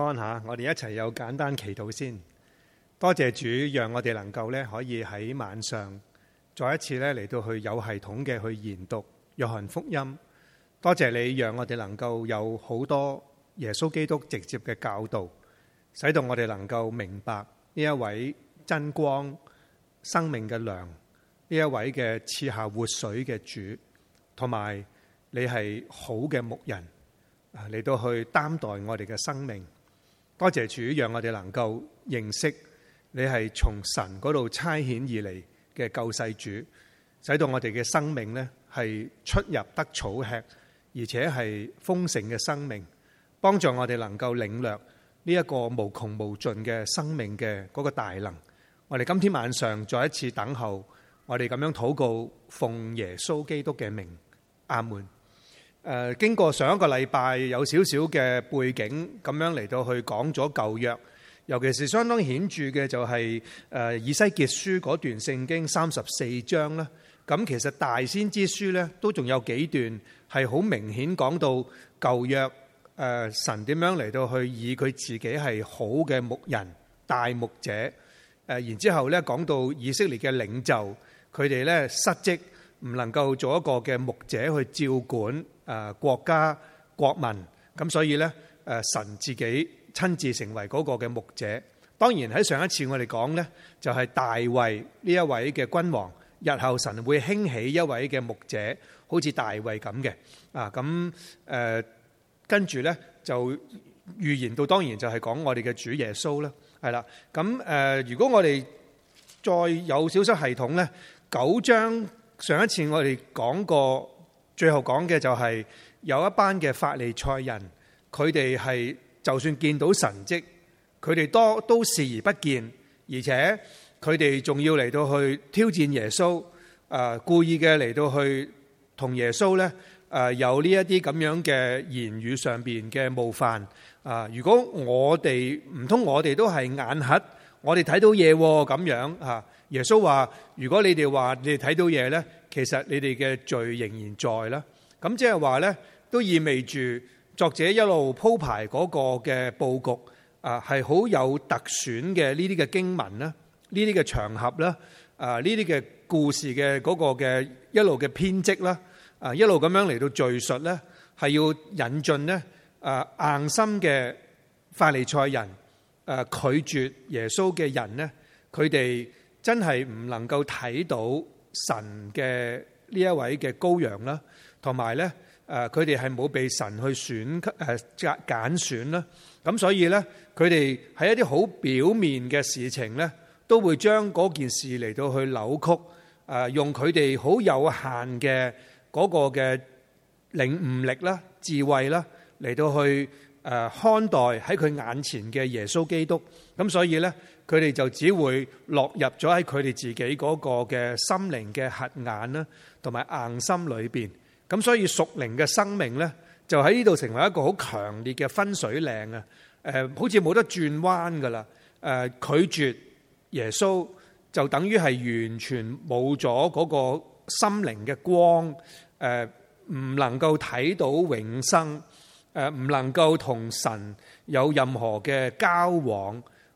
安下，我哋一齊有簡單祈禱先。多謝主，讓我哋能夠咧可以喺晚上再一次咧嚟到去有系統嘅去研讀約翰福音。多謝你，讓我哋能夠有好多耶穌基督直接嘅教導，使到我哋能夠明白呢一位真光、生命嘅糧、呢一位嘅賜下活水嘅主，同埋你係好嘅牧人嚟到去擔待我哋嘅生命。多謝主，讓我哋能夠認識你係從神嗰度差遣而嚟嘅救世主，使到我哋嘅生命呢係出入得草吃，而且係豐盛嘅生命，幫助我哋能夠領略呢一個無窮無盡嘅生命嘅嗰個大能。我哋今天晚上再一次等候，我哋咁樣禱告，奉耶穌基督嘅名，阿門。誒經過上一個禮拜有少少嘅背景咁樣嚟到去講咗舊約，尤其是相當顯著嘅就係誒以西結書嗰段聖經三十四章啦。咁其實大先知書呢，都仲有幾段係好明顯講到舊約誒神點樣嚟到去以佢自己係好嘅牧人大牧者，誒然之後呢，講到以色列嘅領袖佢哋呢失職，唔能夠做一個嘅牧者去照管。誒、啊，國家國民咁，所以呢，誒、啊，神自己親自成為嗰個嘅牧者。當然喺上一次我哋講呢，就係、是、大衛呢一位嘅君王，日後神會興起一位嘅牧者，好似大衛咁嘅。啊，咁、啊、誒，跟住呢，就預言到，當然就係講我哋嘅主耶穌啦。係啦，咁、啊、誒、啊，如果我哋再有少少系統呢，九章上一次我哋講過。最後講嘅就係有一班嘅法利賽人，佢哋係就算見到神蹟，佢哋多都視而不見，而且佢哋仲要嚟到去挑戰耶穌，啊、呃，故意嘅嚟到去同耶穌咧，啊、呃，有呢一啲咁樣嘅言語上面嘅冒犯啊、呃！如果我哋唔通，我哋都係眼瞎，我哋睇到嘢喎咁樣啊！耶穌話：如果你哋話你哋睇到嘢咧。其實你哋嘅罪仍然在啦，咁即係話咧，都意味住作者一路鋪排嗰個嘅布局啊，係好有特選嘅呢啲嘅經文啦，呢啲嘅場合啦，啊，呢啲嘅故事嘅嗰個嘅一路嘅編織啦，啊，一路咁樣嚟到敘述咧，係要引進咧，啊，硬心嘅法利賽人，誒拒絕耶穌嘅人呢，佢哋真係唔能夠睇到。神嘅呢一位嘅羔羊啦，同埋咧，誒，佢哋係冇被神去選，誒揀揀選啦，咁所以咧，佢哋喺一啲好表面嘅事情咧，都會將嗰件事嚟到去扭曲，誒、啊，用佢哋好有限嘅嗰個嘅領悟力啦、智慧啦，嚟到去誒看待喺佢眼前嘅耶穌基督，咁所以咧。佢哋就只會落入咗喺佢哋自己嗰個嘅心靈嘅核眼啦，同埋硬心裏邊。咁所以屬靈嘅生命呢，就喺呢度成為一個好強烈嘅分水嶺啊！誒，好似冇得轉彎噶啦！誒，拒絕耶穌就等於係完全冇咗嗰個心靈嘅光，誒唔能夠睇到永生，誒唔能夠同神有任何嘅交往。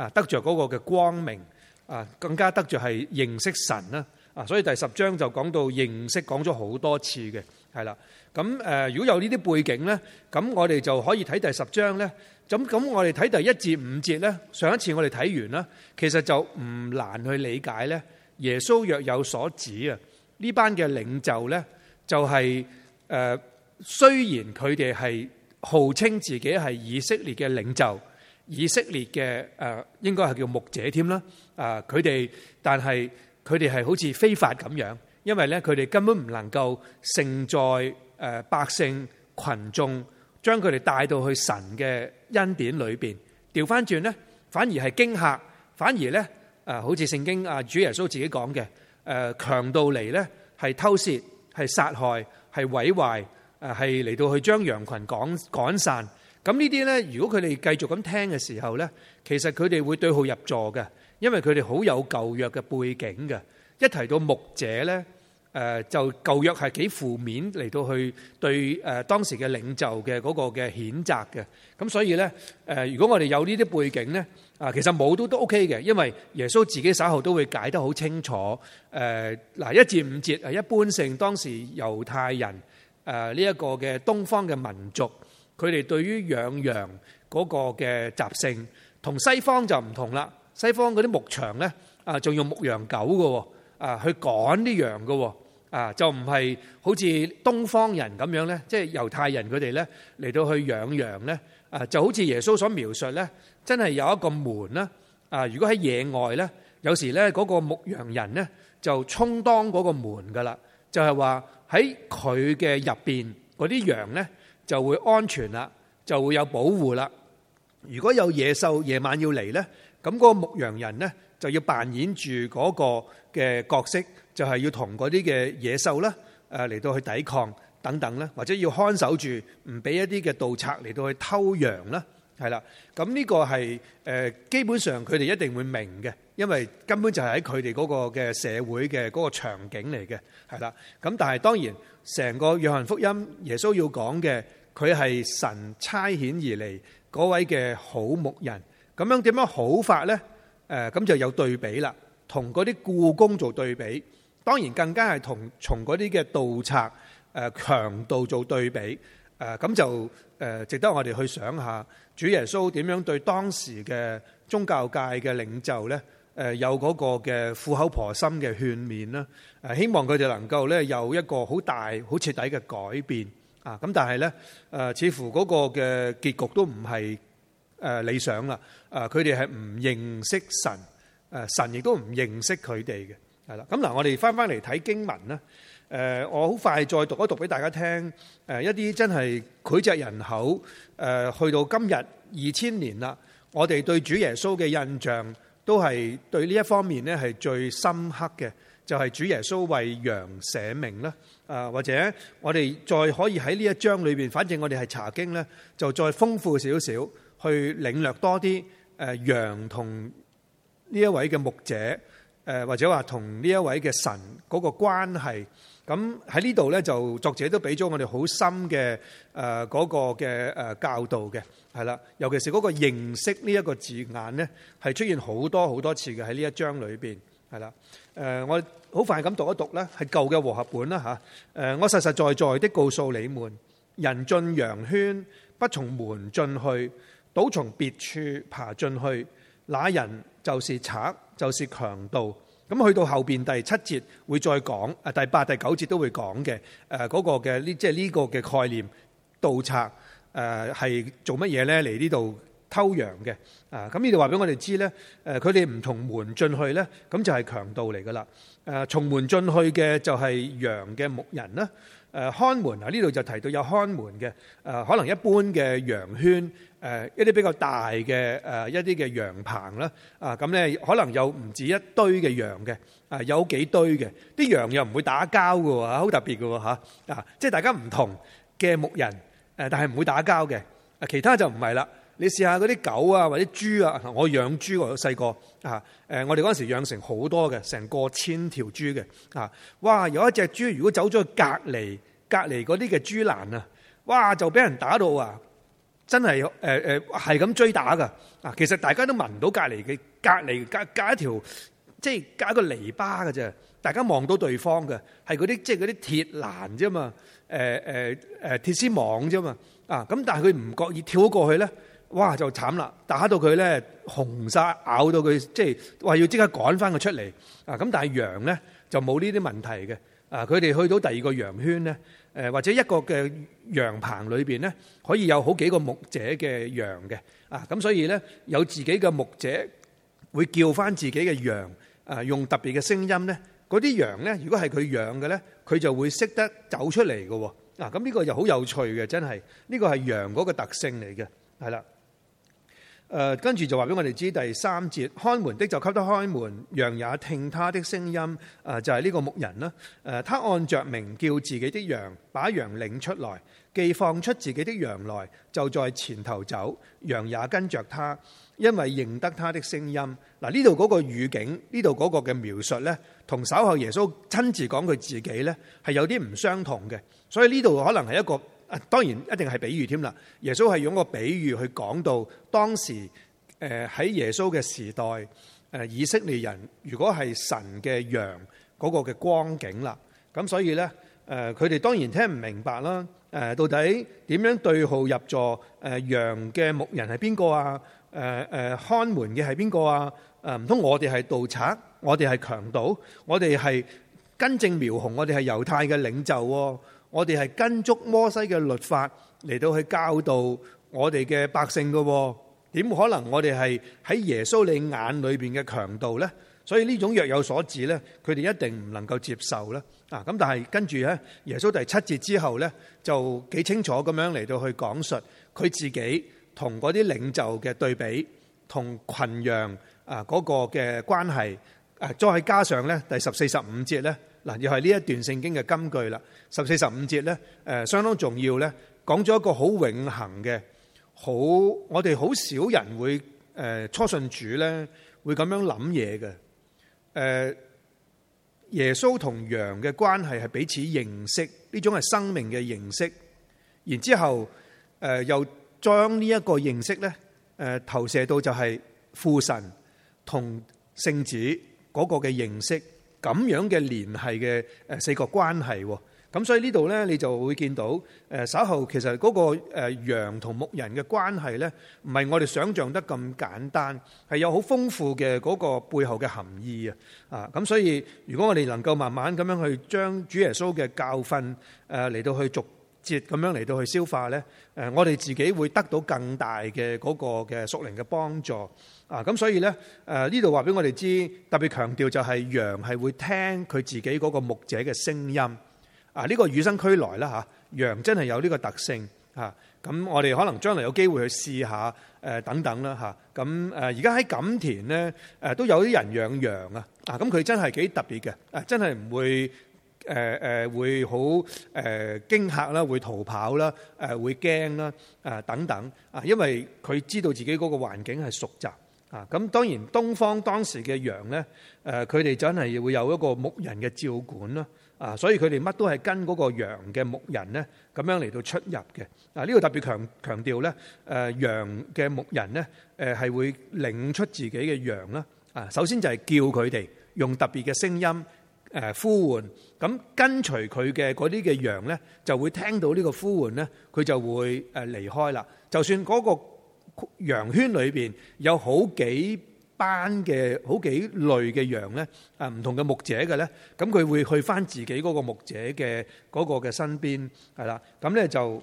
啊，得著嗰個嘅光明啊，更加得著係認識神啦！啊，所以第十章就講到認識，講咗好多次嘅，係啦。咁誒，如果有呢啲背景咧，咁我哋就可以睇第十章咧。咁咁，我哋睇第一至五節咧，上一次我哋睇完啦，其實就唔難去理解咧。耶穌若有所指啊，呢班嘅領袖咧，就係誒，雖然佢哋係號稱自己係以色列嘅領袖。以色列嘅誒應該係叫牧者添啦，誒佢哋，但係佢哋係好似非法咁樣，因為咧佢哋根本唔能夠承載誒百姓羣眾，將佢哋帶到去神嘅恩典裏邊。調翻轉咧，反而係驚嚇，反而咧誒好似聖經啊主耶穌自己講嘅誒強盜嚟咧，係偷竊、係殺害、係毀壞，誒係嚟到去將羊羣趕趕散。咁呢啲咧，如果佢哋繼續咁聽嘅時候咧，其實佢哋會對號入座嘅，因為佢哋好有舊約嘅背景嘅。一提到牧者咧，誒就舊約係幾負面嚟到去對誒當時嘅領袖嘅嗰個嘅譴責嘅。咁所以咧，誒如果我哋有呢啲背景咧，啊其實冇都都 OK 嘅，因為耶穌自己稍後都會解得好清楚。誒嗱一至五節誒一般性當時猶太人誒呢一個嘅東方嘅民族。佢哋對於養羊嗰個嘅習性，同西方就唔同啦。西方嗰啲牧場咧，啊，仲用牧羊狗嘅喎，啊，去趕啲羊嘅喎，啊，就唔係好似東方人咁樣咧，即係猶太人佢哋咧嚟到去養羊咧，啊，就好似耶穌所描述咧，真係有一個門咧，啊，如果喺野外咧，有時咧嗰個牧羊人咧就充當嗰個門㗎啦，就係話喺佢嘅入邊嗰啲羊咧。就會安全啦，就會有保護啦。如果有野獸夜晚要嚟呢，咁嗰個牧羊人呢就要扮演住嗰個嘅角色，就係要同嗰啲嘅野獸呢，誒嚟到去抵抗等等啦，或者要看守住唔俾一啲嘅盜賊嚟到去偷羊啦，係啦。咁呢個係誒基本上佢哋一定會明嘅，因為根本就係喺佢哋嗰個嘅社會嘅嗰個場景嚟嘅，係啦。咁但係當然成個約翰福音耶穌要講嘅。佢係神差遣而嚟嗰位嘅好牧人，咁樣點樣好法呢？誒、呃、咁就有對比啦，同嗰啲僱工做對比，當然更加係同從嗰啲嘅盜賊誒強盜做對比。誒、呃、咁就誒、呃、值得我哋去想一下，主耶穌點樣對當時嘅宗教界嘅領袖呢？誒、呃、有嗰個嘅苦口婆心嘅勸勉啦、呃，希望佢哋能夠咧有一個好大好徹底嘅改變。啊，咁但係呢，誒、呃，似乎嗰個嘅結局都唔係誒理想啦。誒、呃，佢哋係唔認識神，誒、呃，神亦都唔認識佢哋嘅，係啦。咁、啊、嗱，我哋翻翻嚟睇經文啦。誒、呃，我好快再讀一讀俾大家聽。誒、呃，一啲真係膾炙人口，誒、呃，去到今日二千年啦，我哋對主耶穌嘅印象都係對呢一方面咧係最深刻嘅，就係、是、主耶穌為羊捨命啦。誒或者我哋再可以喺呢一章裏邊，反正我哋係查經咧，就再豐富少少，去領略多啲誒羊同呢一位嘅牧者，誒或者話同呢一位嘅神嗰個關係。咁喺呢度咧，就作者都俾咗我哋好深嘅誒嗰個嘅誒教導嘅，係啦，尤其是嗰個認識呢一個字眼咧，係出現好多好多次嘅喺呢一章裏邊，係啦，誒我，好快咁讀一讀咧，係舊嘅和合本啦嚇。誒，我實實在在的告訴你們，人進羊圈不從門進去，倒從別處爬進去，那人就是賊，就是強盜。咁去到後邊第七節會再講，誒第八、第九節都會講嘅。誒、這、嗰個嘅呢，即係呢個嘅概念，盜賊誒係做乜嘢呢？嚟呢度偷羊嘅。啊，咁呢度話俾我哋知呢，誒佢哋唔同門進去呢，咁就係強盜嚟噶啦。誒從門進去嘅就係羊嘅牧人啦。誒看門啊，呢度就提到有看門嘅。誒可能一般嘅羊圈，誒一啲比較大嘅誒一啲嘅羊棚啦。啊咁咧，可能有唔止一堆嘅羊嘅，啊有幾堆嘅。啲羊又唔會打交㗎喎，好特別㗎喎嚇。啊，即係大家唔同嘅牧人，誒但係唔會打交嘅。啊，其他就唔係啦。你試下嗰啲狗啊，或者豬啊，我養豬喎，細個啊，誒，我哋嗰陣時養成好多嘅，成個千條豬嘅啊，哇！有一隻豬如果走咗去隔離，隔離嗰啲嘅豬欄啊，哇！就俾人打到啊，真係誒誒，係咁追打噶啊！其實大家都聞到隔離嘅隔離，隔隔一條即係隔一個籬笆嘅啫，大家望到對方嘅係嗰啲即係嗰啲鐵欄啫嘛，誒誒誒鐵絲網啫嘛啊！咁但係佢唔覺意跳咗過去咧。哇！就慘啦，打到佢咧紅晒，咬到佢，即係話要即刻趕翻佢出嚟啊！咁但係羊咧就冇呢啲問題嘅啊！佢哋去到第二個羊圈咧、誒，或者一個嘅羊棚裏面咧，可以有好幾個牧者嘅羊嘅啊！咁所以咧有自己嘅牧者會叫翻自己嘅羊啊，用特別嘅聲音咧，嗰啲羊咧如果係佢養嘅咧，佢就會識得走出嚟嘅喎！咁呢個又好有趣嘅，真係呢、呢個係羊嗰個特性嚟嘅，係啦。誒、呃、跟住就話俾我哋知第三節，看門的就給他開門，羊也聽他的聲音。誒、呃、就係、是、呢個牧人啦。誒、呃、他按着名叫自己的羊，把羊領出來，既放出自己的羊來，就在前頭走，羊也跟着他，因為認得他的聲音。嗱，呢度嗰個語境，呢度嗰個嘅描述呢，同稍後耶穌親自講佢自己呢，係有啲唔相同嘅，所以呢度可能係一個。啊，當然一定係比喻添啦。耶穌係用個比喻去講到當時，誒喺耶穌嘅時代，誒以色列人如果係神嘅羊，嗰個嘅光景啦。咁所以呢，誒佢哋當然聽唔明白啦。誒、呃、到底點樣對號入座？誒、呃、羊嘅牧人係邊個啊？誒、呃、誒、呃、看門嘅係邊個啊？誒唔通我哋係盜賊？我哋係強盜？我哋係根正苗紅？我哋係猶太嘅領袖，啊？我哋係跟足摩西嘅律法嚟到去教導我哋嘅百姓嘅，點可能我哋係喺耶穌你眼裏邊嘅強盜呢？所以呢種若有所指呢，佢哋一定唔能夠接受啦。啊，咁但係跟住咧，耶穌第七節之後呢，就幾清楚咁樣嚟到去講述佢自己同嗰啲領袖嘅對比，同群羊啊嗰個嘅關係。啊，再加上咧第十四十五節咧。嗱，又係呢一段聖經嘅金句啦，十四十五節咧，誒、呃、相當重要咧，講咗一個好永恆嘅，好我哋好少人會誒、呃、初信主咧，會咁樣諗嘢嘅，誒、呃、耶穌同羊嘅關係係彼此認識，呢種係生命嘅認識，然之後誒、呃、又將呢一個認識咧，誒、呃、投射到就係父神同聖子嗰個嘅認識。咁樣嘅聯繫嘅誒四個關係喎，咁所以呢度呢，你就會見到誒稍後其實嗰個羊同牧人嘅關係呢，唔係我哋想象得咁簡單，係有好豐富嘅嗰個背後嘅含義啊！啊，咁所以如果我哋能夠慢慢咁樣去將主耶穌嘅教訓誒嚟到去續。節咁樣嚟到去消化咧，誒，我哋自己會得到更大嘅嗰個嘅屬靈嘅幫助啊！咁所以咧，誒呢度話俾我哋知，特別強調就係羊係會聽佢自己嗰個牧者嘅聲音啊！呢個與生俱來啦嚇，羊真係有呢個特性嚇。咁我哋可能將來有機會去試下誒等等啦嚇。咁誒而家喺錦田咧，誒都有啲人養羊啊！啊，咁佢真係幾特別嘅啊，誒真係唔會。誒誒、呃、會好誒驚嚇啦，會逃跑啦，誒、呃、會驚啦，誒、呃、等等啊，因為佢知道自己嗰個環境係熟習啊。咁當然，東方當時嘅羊呢，誒佢哋真係會有一個牧人嘅照管啦。啊，所以佢哋乜都係跟嗰個羊嘅牧人呢咁樣嚟到出入嘅。啊，呢度特別強強調呢，誒、呃、羊嘅牧人呢誒係、呃、會領出自己嘅羊啦。啊，首先就係叫佢哋用特別嘅聲音。誒呼喚，咁跟隨佢嘅嗰啲嘅羊咧，就會聽到呢個呼喚咧，佢就會誒離開啦。就算嗰個羊圈裏邊有好幾班嘅、好幾類嘅羊咧，啊唔同嘅牧者嘅咧，咁佢會去返自己嗰個牧者嘅嗰個嘅身邊，係啦，咁咧就。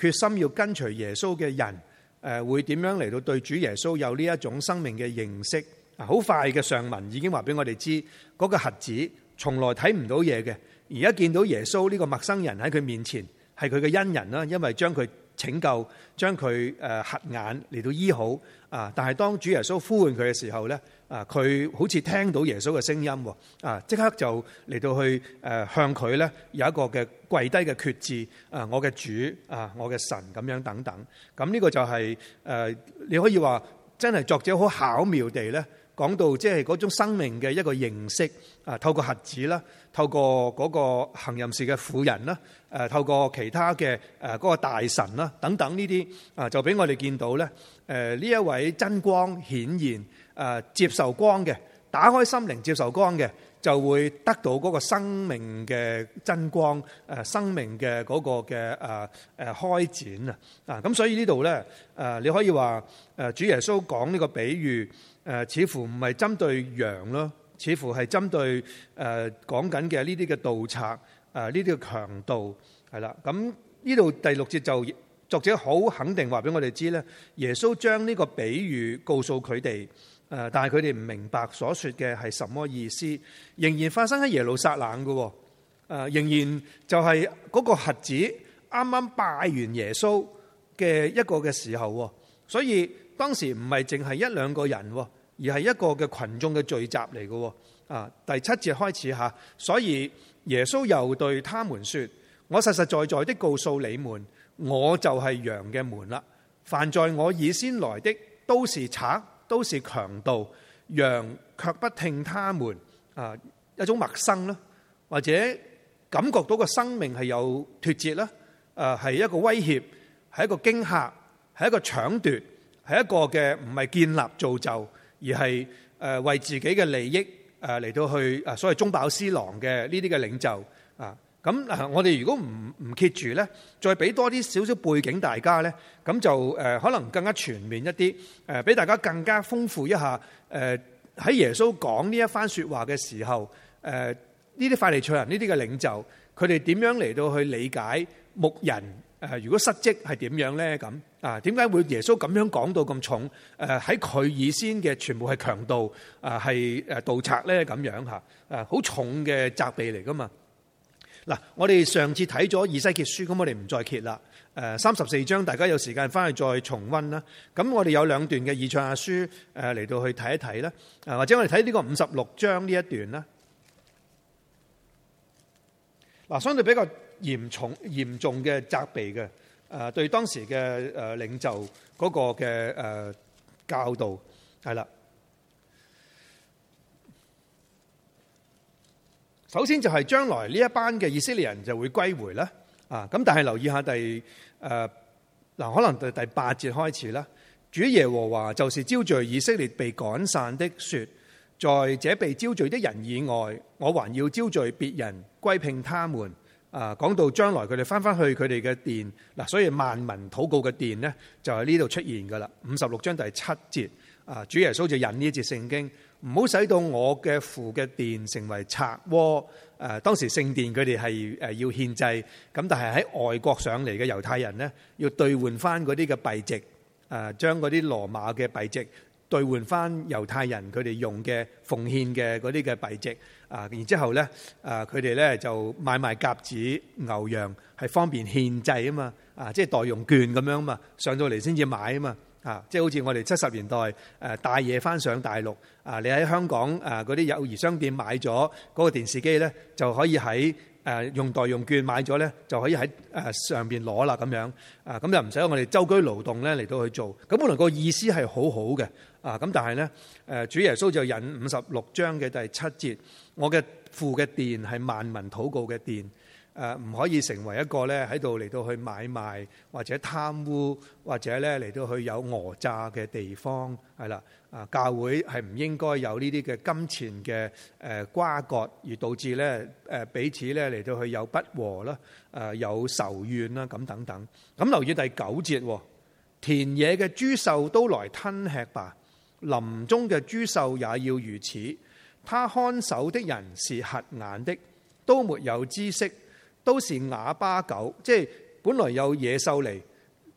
決心要跟隨耶穌嘅人，誒會點樣嚟到對主耶穌有呢一種生命嘅認識？好快嘅上文已經話俾我哋知，嗰、那個瞎子從來睇唔到嘢嘅，而家見到耶穌呢個陌生人喺佢面前，係佢嘅恩人啦，因為將佢，拯救，將佢誒合眼嚟到醫好啊！但係當主耶穌呼喚佢嘅時候咧，啊佢好似聽到耶穌嘅聲音啊！即刻就嚟到去誒向佢咧有一個嘅跪低嘅決志啊！我嘅主啊！我嘅神咁樣等等，咁、這、呢個就係、是、誒你可以話真係作者好巧妙地咧。講到即係嗰種生命嘅一個認識，啊，透過瞎子啦，透過嗰個行淫時嘅婦人啦，誒，透過其他嘅誒嗰個大臣啦，等等呢啲，啊，就俾我哋見到咧，誒，呢一位真光顯現，接受光嘅。打開心靈接受光嘅，就會得到嗰個生命嘅真光，誒、呃、生命嘅嗰、那個嘅誒誒開展啊！啊咁，所以這裏呢度咧誒，你可以話誒、呃，主耶穌講呢個比喻誒、呃，似乎唔係針對羊咯、呃，似乎係針對誒講緊嘅呢啲嘅盜賊，誒呢啲嘅強盜係啦。咁呢度第六節就作者好肯定話俾我哋知咧，耶穌將呢個比喻告訴佢哋。誒，但係佢哋唔明白所說嘅係什麼意思，仍然發生喺耶路撒冷嘅喎。誒，仍然就係嗰個瞎子啱啱拜完耶穌嘅一個嘅時候喎。所以當時唔係淨係一兩個人喎，而係一個嘅群眾嘅聚集嚟嘅喎。啊，第七節開始吓，所以耶穌又對他們説：我實實在在的告訴你們，我就係羊嘅門啦。凡在我以先來的，都是賊。都是強盜，羊卻不聽他們啊！一種陌生啦，或者感覺到個生命係有脱節啦，誒係一個威脅，係一個驚嚇，係一個搶奪，係一個嘅唔係建立造就，而係誒為自己嘅利益誒嚟到去誒所謂中飽私囊嘅呢啲嘅領袖啊！咁啊！我哋如果唔唔揭住咧，再俾多啲少少背景大家咧，咁就誒可能更加全面一啲，誒俾大家更加豐富一下。誒喺耶穌講呢一番説話嘅時候，誒呢啲法利賽人呢啲嘅領袖，佢哋點樣嚟到去理解牧人誒，如果失職係點樣咧？咁啊，點解會耶穌咁樣講到咁重？誒喺佢以先嘅全部係強盜啊，係誒盜賊咧咁樣嚇？誒好重嘅責備嚟噶嘛？嗱，我哋上次睇咗以西結書，咁我哋唔再揭啦。誒，三十四章，大家有時間返去再重溫啦。咁我哋有兩段嘅以賽亞書誒嚟到去睇一睇啦。誒，或者我哋睇呢個五十六章呢一段啦。嗱，相對比較嚴重嚴重嘅責備嘅誒，對當時嘅誒領袖嗰個嘅誒教導係啦。首先就係將來呢一班嘅以色列人就會歸回啦，啊，咁但係留意下第誒嗱、呃、可能第第八節開始啦。主耶和華就是招聚以色列被趕散的雪，說，在這被招聚的人以外，我還要招聚別人，歸聘他們。啊，講到將來佢哋翻翻去佢哋嘅殿嗱，所以萬民禱告嘅殿呢，就喺呢度出現噶啦。五十六章第七節啊，主耶穌就引呢一節聖經。唔好使到我嘅父嘅殿成為賊窩。誒當時聖殿佢哋係誒要獻祭，咁但係喺外國上嚟嘅猶太人咧，要兌換翻嗰啲嘅幣值，誒將嗰啲羅馬嘅幣值兌換翻猶太人佢哋用嘅奉獻嘅嗰啲嘅幣值。啊，然之後咧，誒佢哋咧就買賣鴿子、牛羊，係方便獻祭啊嘛。啊，即係代用券咁樣嘛，上到嚟先至買啊嘛。啊！即好似我哋七十年代誒帶嘢翻上大陸啊，你喺香港嗰啲友誼商店買咗嗰個電視機咧，就可以喺用代用券買咗咧，就可以喺上面攞啦咁樣啊！咁又唔使我哋周居勞動咧嚟到去做，咁原來個意思係好好嘅啊！咁但係咧主耶穌就引五十六章嘅第七節，我嘅父嘅殿係萬民禱告嘅殿。誒唔可以成為一個咧喺度嚟到去買賣或者貪污或者咧嚟到去有訛詐嘅地方係啦，啊教會係唔應該有呢啲嘅金錢嘅誒瓜葛，而導致咧誒彼此咧嚟到去有不和啦，誒有仇怨啦咁等等。咁留意第九節，田野嘅諸獸都來吞吃吧，林中嘅諸獸也要如此。他看守的人是瞎眼的，都沒有知識。都是啞巴狗，即係本來有野獸嚟，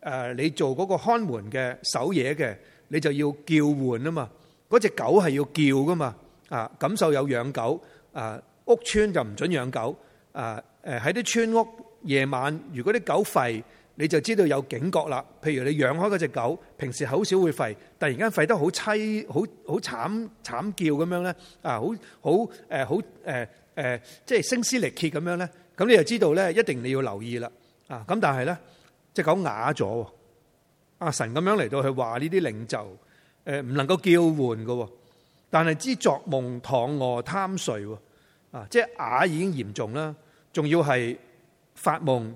誒你做嗰個看門嘅守夜嘅，你就要叫喚啊嘛。嗰隻狗係要叫噶嘛，啊，感受有養狗，啊屋村就唔准養狗，啊誒喺啲村屋夜晚，如果啲狗吠，你就知道有警覺啦。譬如你養開嗰隻狗，平時好少會吠，突然間吠得好悽好好慘慘叫咁樣咧，啊好好誒好誒誒，即係聲嘶力竭咁樣咧。咁你就知道咧，一定你要留意啦，啊！咁但係咧，隻狗啞咗，阿神咁樣嚟到去話呢啲領袖，誒、呃，唔能夠叫喚喎。但係知作夢、躺卧、貪睡，啊，即係啞已經嚴重啦，仲要係發夢、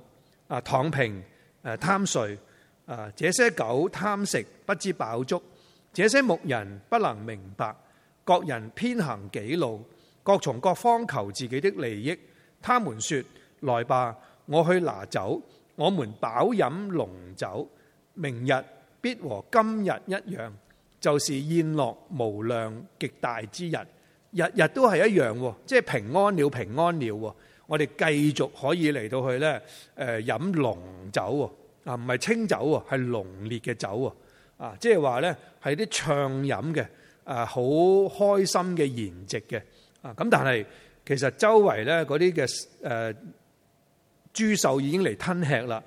啊躺平、誒、啊、貪睡，啊，這些狗貪食，不知飽足；這些牧人不能明白，各人偏行己路，各從各方求自己的利益。他們說：來吧，我去拿酒，我們飽飲濃酒，明日必和今日一樣，就是宴樂無量極大之日。日日都係一樣喎，即係平安了，平安了喎。我哋繼續可以嚟到去呢，誒飲濃酒喎，啊唔係清酒喎，係濃烈嘅酒喎，啊即係話呢，係啲暢飲嘅，啊好開心嘅筵席嘅，啊咁但係。其實周圍咧嗰啲嘅誒諸獸已經嚟吞吃啦，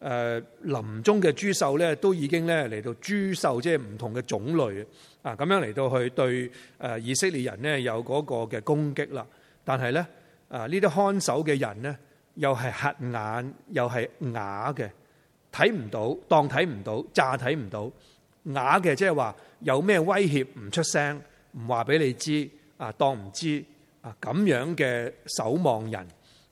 誒林中嘅諸獸咧都已經咧嚟到諸獸，即係唔同嘅種類啊，咁樣嚟到去對誒、呃、以色列人呢，有嗰個嘅攻擊啦。但係咧啊呢啲看守嘅人咧又係瞎眼又係啞嘅，睇唔到當睇唔到，詐睇唔到，啞嘅即係話有咩威脅唔出聲，唔話俾你知啊，當唔知。啊咁樣嘅守望人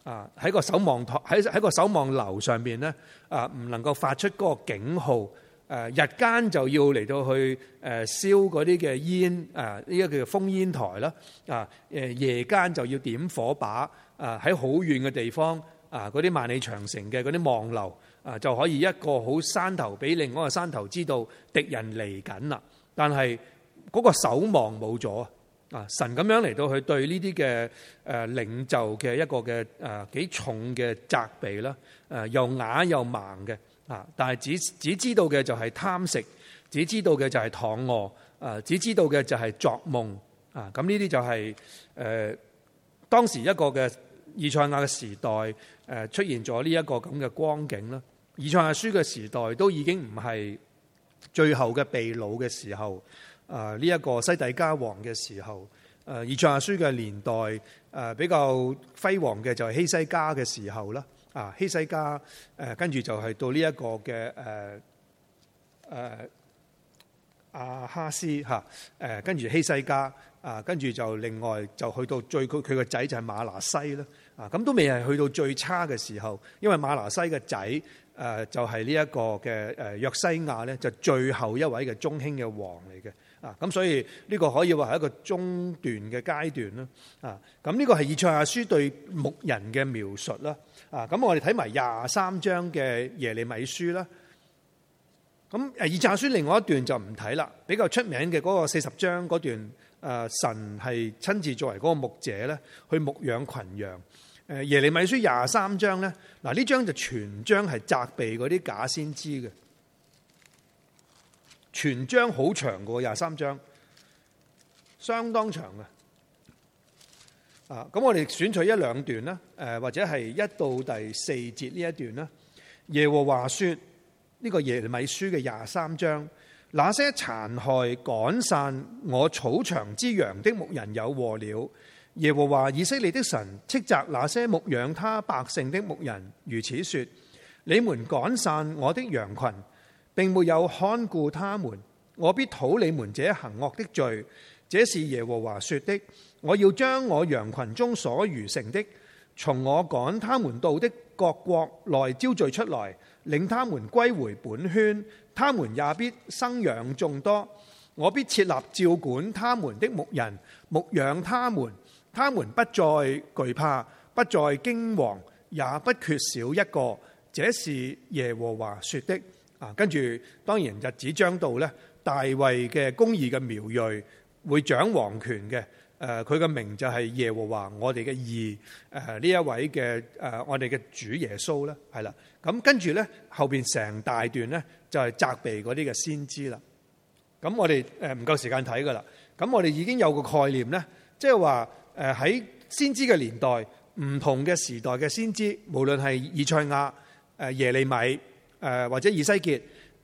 啊，喺個守望台喺喺個守望樓上面咧啊，唔能夠發出嗰個警號。誒日間就要嚟到去誒燒嗰啲嘅煙呢，一個叫做烽煙台啦。啊夜間就要點火把啊，喺好遠嘅地方啊，嗰啲萬里長城嘅嗰啲望樓啊，就可以一個好山頭俾另外一個山頭知道敵人嚟緊啦。但係嗰個守望冇咗。啊！神咁樣嚟到去對呢啲嘅誒領袖嘅一個嘅誒幾重嘅責備啦，誒又啞又盲嘅啊！但係只只知道嘅就係貪食，只知道嘅就係躺餓，餓，誒只知道嘅就係作夢啊！咁呢啲就係、是、誒、呃、當時一個嘅以賽亞嘅時代誒、呃、出現咗呢一個咁嘅光景啦。以賽亞書嘅時代都已經唔係最後嘅被擄嘅時候。啊！呢一個西底家王嘅時候，誒以賽亞書嘅年代，誒比較輝煌嘅就係希西家嘅時候啦。啊，希西家誒跟住就係到呢一個嘅誒誒阿哈斯嚇，誒、啊、跟住希西家啊跟住就另外就去到最佢佢個仔就係馬拿西啦。啊，咁都未係去到最差嘅時候，因為馬拿西嘅仔誒就係呢一個嘅誒約西亞咧，就最後一位嘅中興嘅王嚟嘅。啊，咁所以呢個可以話係一個中段嘅階段啦。啊，咁呢個係《以賽亞書》對牧人嘅描述啦。啊，咁我哋睇埋廿三章嘅《耶利米書》啦。咁《以賽亞書》另外一段就唔睇啦，比較出名嘅嗰個四十章嗰段，啊神係親自作為嗰個牧者咧，去牧養群羊。誒《耶利米書》廿三章咧，嗱呢章就全章係責備嗰啲假先知嘅。全章好長嘅，廿三章，相當長啊。啊，咁我哋選取一兩段啦，誒、呃，或者係一到第四節呢一段啦。耶和華說：呢、這個耶利米書嘅廿三章，那些殘害趕散我草場之羊的牧人有禍了。耶和華以色列的神斥責那些牧養他百姓的牧人，如此說：你們趕散我的羊群。並沒有看顧他們，我必討你們這行惡的罪，這是耶和華說的。我要將我羊群中所餘剩的，從我趕他們到的各國內招聚出來，領他們歸回本圈，他們也必生養眾多。我必設立照管他們的牧人，牧養他們，他們不再懼怕，不再驚惶，也不缺少一個。這是耶和華說的。啊，跟住當然日子將到咧，大衛嘅公義嘅苗裔會掌王權嘅。誒、呃，佢嘅名字就係耶和華我哋嘅義。誒、呃，呢一位嘅誒、呃，我哋嘅主耶穌啦，係啦。咁跟住咧，後邊成大段咧就係、是、責備嗰啲嘅先知啦。咁我哋誒唔夠時間睇噶啦。咁我哋已經有個概念咧，即係話誒喺先知嘅年代，唔同嘅時代嘅先知，無論係以賽亞、誒、呃、耶利米。誒，或者以西結，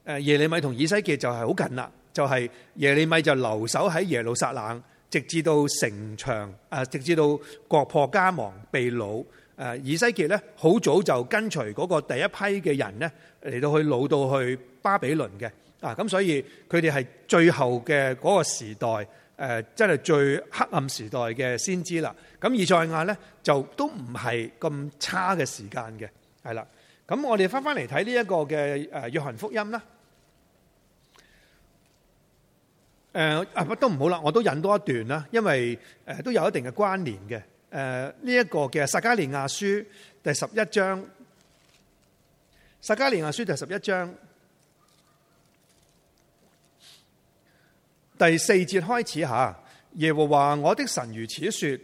誒，耶利米同以西結就係好近啦，就係、是、耶利米就留守喺耶路撒冷，直至到城牆，誒直至到國破家亡被擄，誒以西結咧好早就跟隨嗰個第一批嘅人呢嚟到去，老到去巴比倫嘅，啊咁所以佢哋係最後嘅嗰個時代，誒真係最黑暗時代嘅先知啦。咁以賽亞呢，就都唔係咁差嘅時間嘅，係啦。咁我哋翻翻嚟睇呢一個嘅誒約翰福音啦，呃。誒啊乜都唔好啦，我都引多一段啦，因為誒都有一定嘅關聯嘅。誒呢一個嘅撒加利亞書第十一章，撒加利亞書第十一章第四節開始吓，耶和華我的神如此說，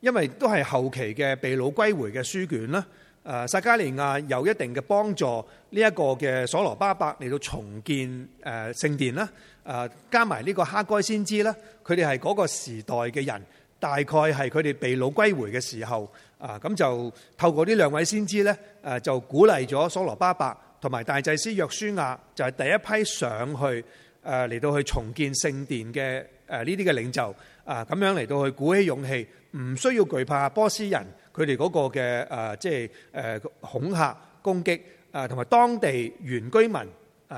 因為都係後期嘅被擄歸回嘅書卷啦。誒撒加利亞有一定嘅幫助，呢一個嘅所羅巴伯嚟到重建誒聖殿啦。誒加埋呢個哈該先知咧，佢哋係嗰個時代嘅人，大概係佢哋被擄歸回嘅時候。啊，咁就透過呢兩位先知咧，誒就鼓勵咗所羅巴伯同埋大祭司約書亞，就係第一批上去誒嚟到去重建聖殿嘅誒呢啲嘅領袖。啊，咁樣嚟到去鼓起勇氣，唔需要懼怕波斯人。佢哋嗰個嘅誒，即係誒恐嚇攻擊，誒同埋當地原居民，誒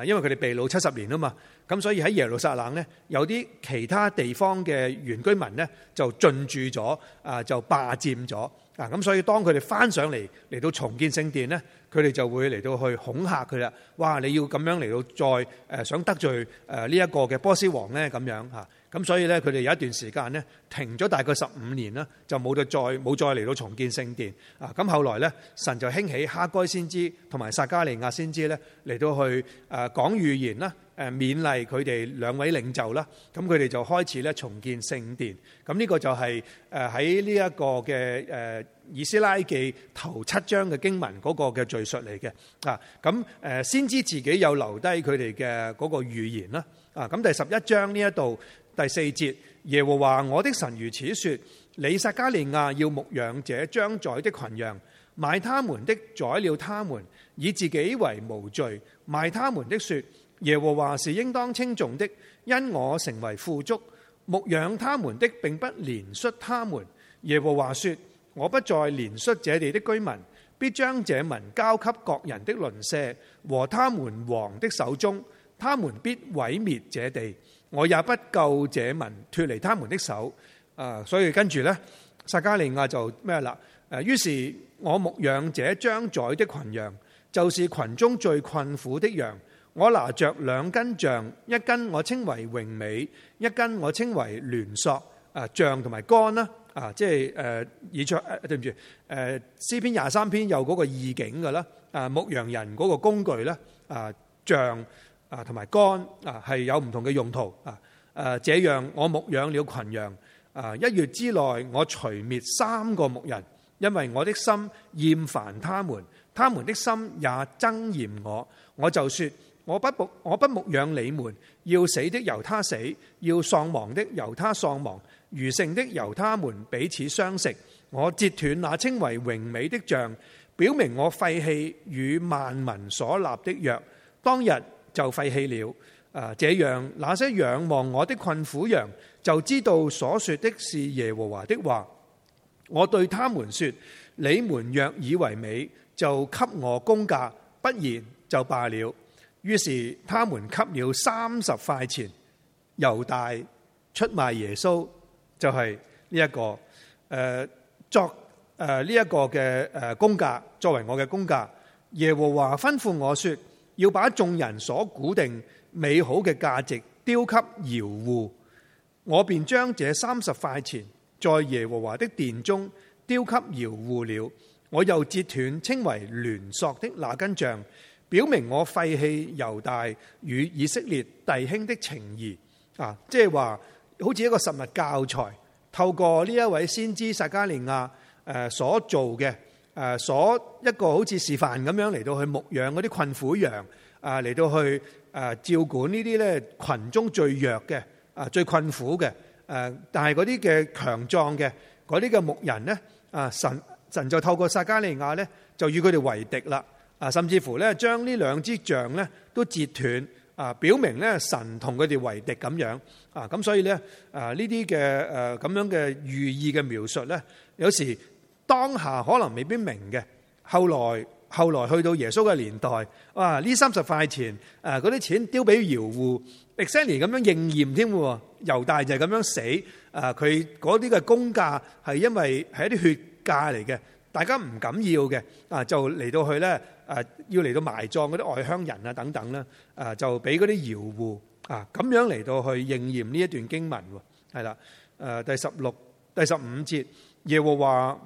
因為佢哋被擄七十年啦嘛，咁所以喺耶路撒冷咧，有啲其他地方嘅原居民咧就進駐咗，啊就霸佔咗，啊咁所以當佢哋翻上嚟嚟到重建聖殿咧，佢哋就會嚟到去恐嚇佢啦，哇！你要咁樣嚟到再誒想得罪誒呢一個嘅波斯王咧，咁樣嚇。咁所以咧，佢哋有一段時間咧，停咗大概十五年啦，就冇得再冇再嚟到重建聖殿啊！咁後來咧，神就興起哈該先知同埋撒加利亞先知咧，嚟到去誒講預言啦，誒勉勵佢哋兩位領袖啦。咁佢哋就開始咧重建聖殿。咁呢個就係誒喺呢一個嘅誒以斯拉記頭七章嘅經文嗰個嘅敘述嚟嘅啊。咁誒先知自己有留低佢哋嘅嗰個預言啦。啊，咁第十一章呢一度。第四節，耶和華我的神如此說：你撒迦利亞要牧養這將宰的群羊，買他們的宰了他們，以自己為無罪。賣他們的說：耶和華是應當稱頌的，因我成為富足。牧養他們的並不憐恤他們。耶和華說：我不再憐恤這地的居民，必將這民交給各人的鄰舍和他們王的手中，他們必毀滅這地。我也不救這民脫離他們的手啊！所以跟住呢，撒迦利亞就咩啦？誒，於是我牧養這將宰的群羊，就是群中最困苦的羊。我拿着兩根杖，一根我稱為榮美，一根我稱為聯索啊，杖同埋竿啦啊，即係誒、啊，以出、啊、對唔住誒，詩篇廿三篇有嗰個意境噶啦啊，牧羊人嗰個工具咧啊，杖。啊，同埋肝啊，係有唔同嘅用途啊。誒，這樣我牧養了群羊，啊，一月之內我除滅三個牧人，因為我的心厭煩他們，他們的心也憎嫌我。我就說，我不牧，我不牧養你們，要死的由他死，要喪亡的由他喪亡，餘剩的由他們彼此相食。我截斷那稱為榮美的杖，表明我廢棄與萬民所立的約。當日，就廢棄了。啊，這樣那些仰望我的困苦羊就知道所說的是耶和華的話。我對他們說：你們若以為美，就給我工價；不然就罷了。於是他們給了三十塊錢，猶大出賣耶穌，就係呢一個誒作誒呢一個嘅誒工價，作為我嘅工價。耶和華吩咐我說。要把眾人所估定美好嘅價值丟給窯戶，我便將這三十塊錢在耶和華的殿中丟給窯戶了。我又折斷稱為聯索的那根杖，表明我廢棄猶大與以色列弟兄的情誼。啊，即係話，好似一個實物教材，透過呢一位先知撒迦利亞誒所做嘅。誒所一個好似示範咁樣嚟到去牧養嗰啲困苦羊，嚟到去照管呢啲咧群中最弱嘅，最困苦嘅，但係嗰啲嘅強壯嘅嗰啲嘅牧人呢，啊神神就透過撒迦利亞呢，就與佢哋為敵啦，啊甚至乎咧將呢兩支杖呢都折斷，啊表明咧神同佢哋為敵咁樣，啊咁所以咧呢啲嘅誒咁樣嘅寓意嘅描述咧，有時。當下可能未必明嘅，後來後來去到耶穌嘅年代，哇！呢三十塊錢誒，嗰啲錢丟俾窯戶，exactly 咁樣應驗添嘅，猶大就係咁樣死，誒，佢嗰啲嘅工價係因為係一啲血價嚟嘅，大家唔敢要嘅，啊，就嚟到去咧，誒，要嚟到埋葬嗰啲外鄉人啊等等啦，啊，就俾嗰啲窯戶啊咁樣嚟到去應驗呢一段經文，係啦，誒，第十六、第十五節，耶和華。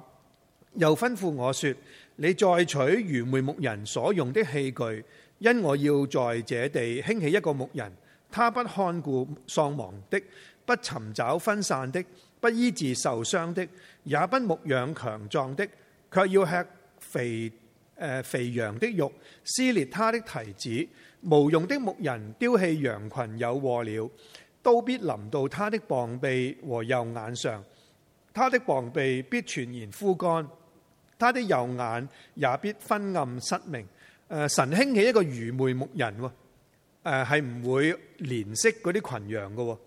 又吩咐我說：你再取愚昧牧人所用的器具，因我要在這地興起一個牧人，他不看顧喪亡的，不尋找分散的，不醫治受傷的，也不牧養強壯的，卻要吃肥、誒、呃、肥羊的肉，撕裂他的蹄子。無用的牧人丟棄羊群有禍了，都必臨到他的膀臂和右眼上，他的膀臂必全然枯乾。他的右眼也必昏暗失明。誒、呃，神興起一個愚昧牧人喎。誒、呃，係唔會憐惜嗰啲群羊嘅。誒、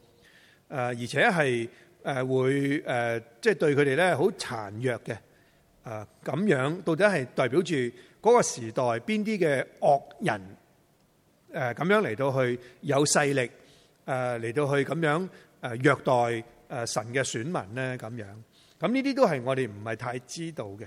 呃，而且係誒會誒，即、呃、係、呃就是、對佢哋咧好殘弱嘅。誒、呃，咁樣到底係代表住嗰個時代邊啲嘅惡人誒咁、呃、樣嚟到去有勢力誒嚟、呃、到去咁樣誒虐待誒、呃、神嘅選民咧？咁樣咁呢啲都係我哋唔係太知道嘅。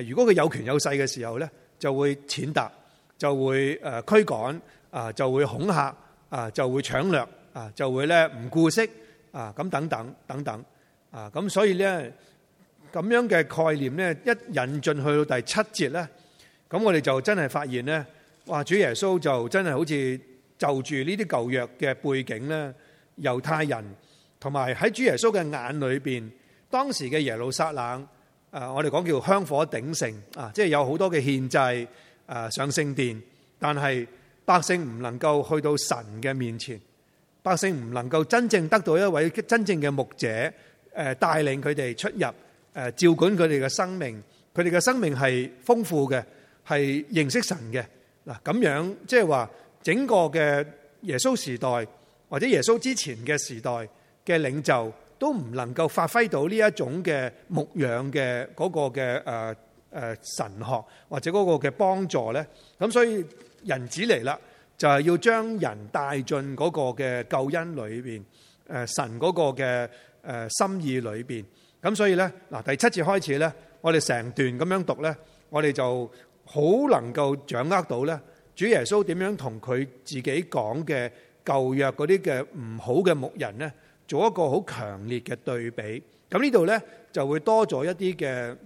誒，如果佢有權有勢嘅時候咧，就會踐踏，就會誒驅趕，啊就會恐嚇，啊就會搶掠，啊就會咧唔顧惜，啊咁等等等等，啊咁所以咧咁樣嘅概念咧，一引進去到第七節咧，咁我哋就真係發現咧，哇！主耶穌就真係好似就住呢啲舊約嘅背景咧，猶太人同埋喺主耶穌嘅眼裏邊，當時嘅耶路撒冷。誒，我哋講叫香火鼎盛啊！即係有好多嘅獻祭誒上聖殿，但係百姓唔能夠去到神嘅面前，百姓唔能夠真正得到一位真正嘅牧者誒帶領佢哋出入誒照管佢哋嘅生命，佢哋嘅生命係豐富嘅，係認識神嘅。嗱，咁樣，即係話整個嘅耶穌時代或者耶穌之前嘅時代嘅領袖。都唔能夠發揮到呢一種嘅牧養嘅嗰個嘅誒誒神學或者嗰個嘅幫助咧，咁所以人子嚟啦，就係要將人帶進嗰個嘅救恩裏邊，誒神嗰個嘅誒心意裏邊。咁所以咧，嗱，第七節開始咧，我哋成段咁樣讀咧，我哋就好能夠掌握到咧，主耶穌點樣同佢自己講嘅舊約嗰啲嘅唔好嘅牧人咧。做一個好強烈嘅對比，咁呢度呢就會多咗一啲嘅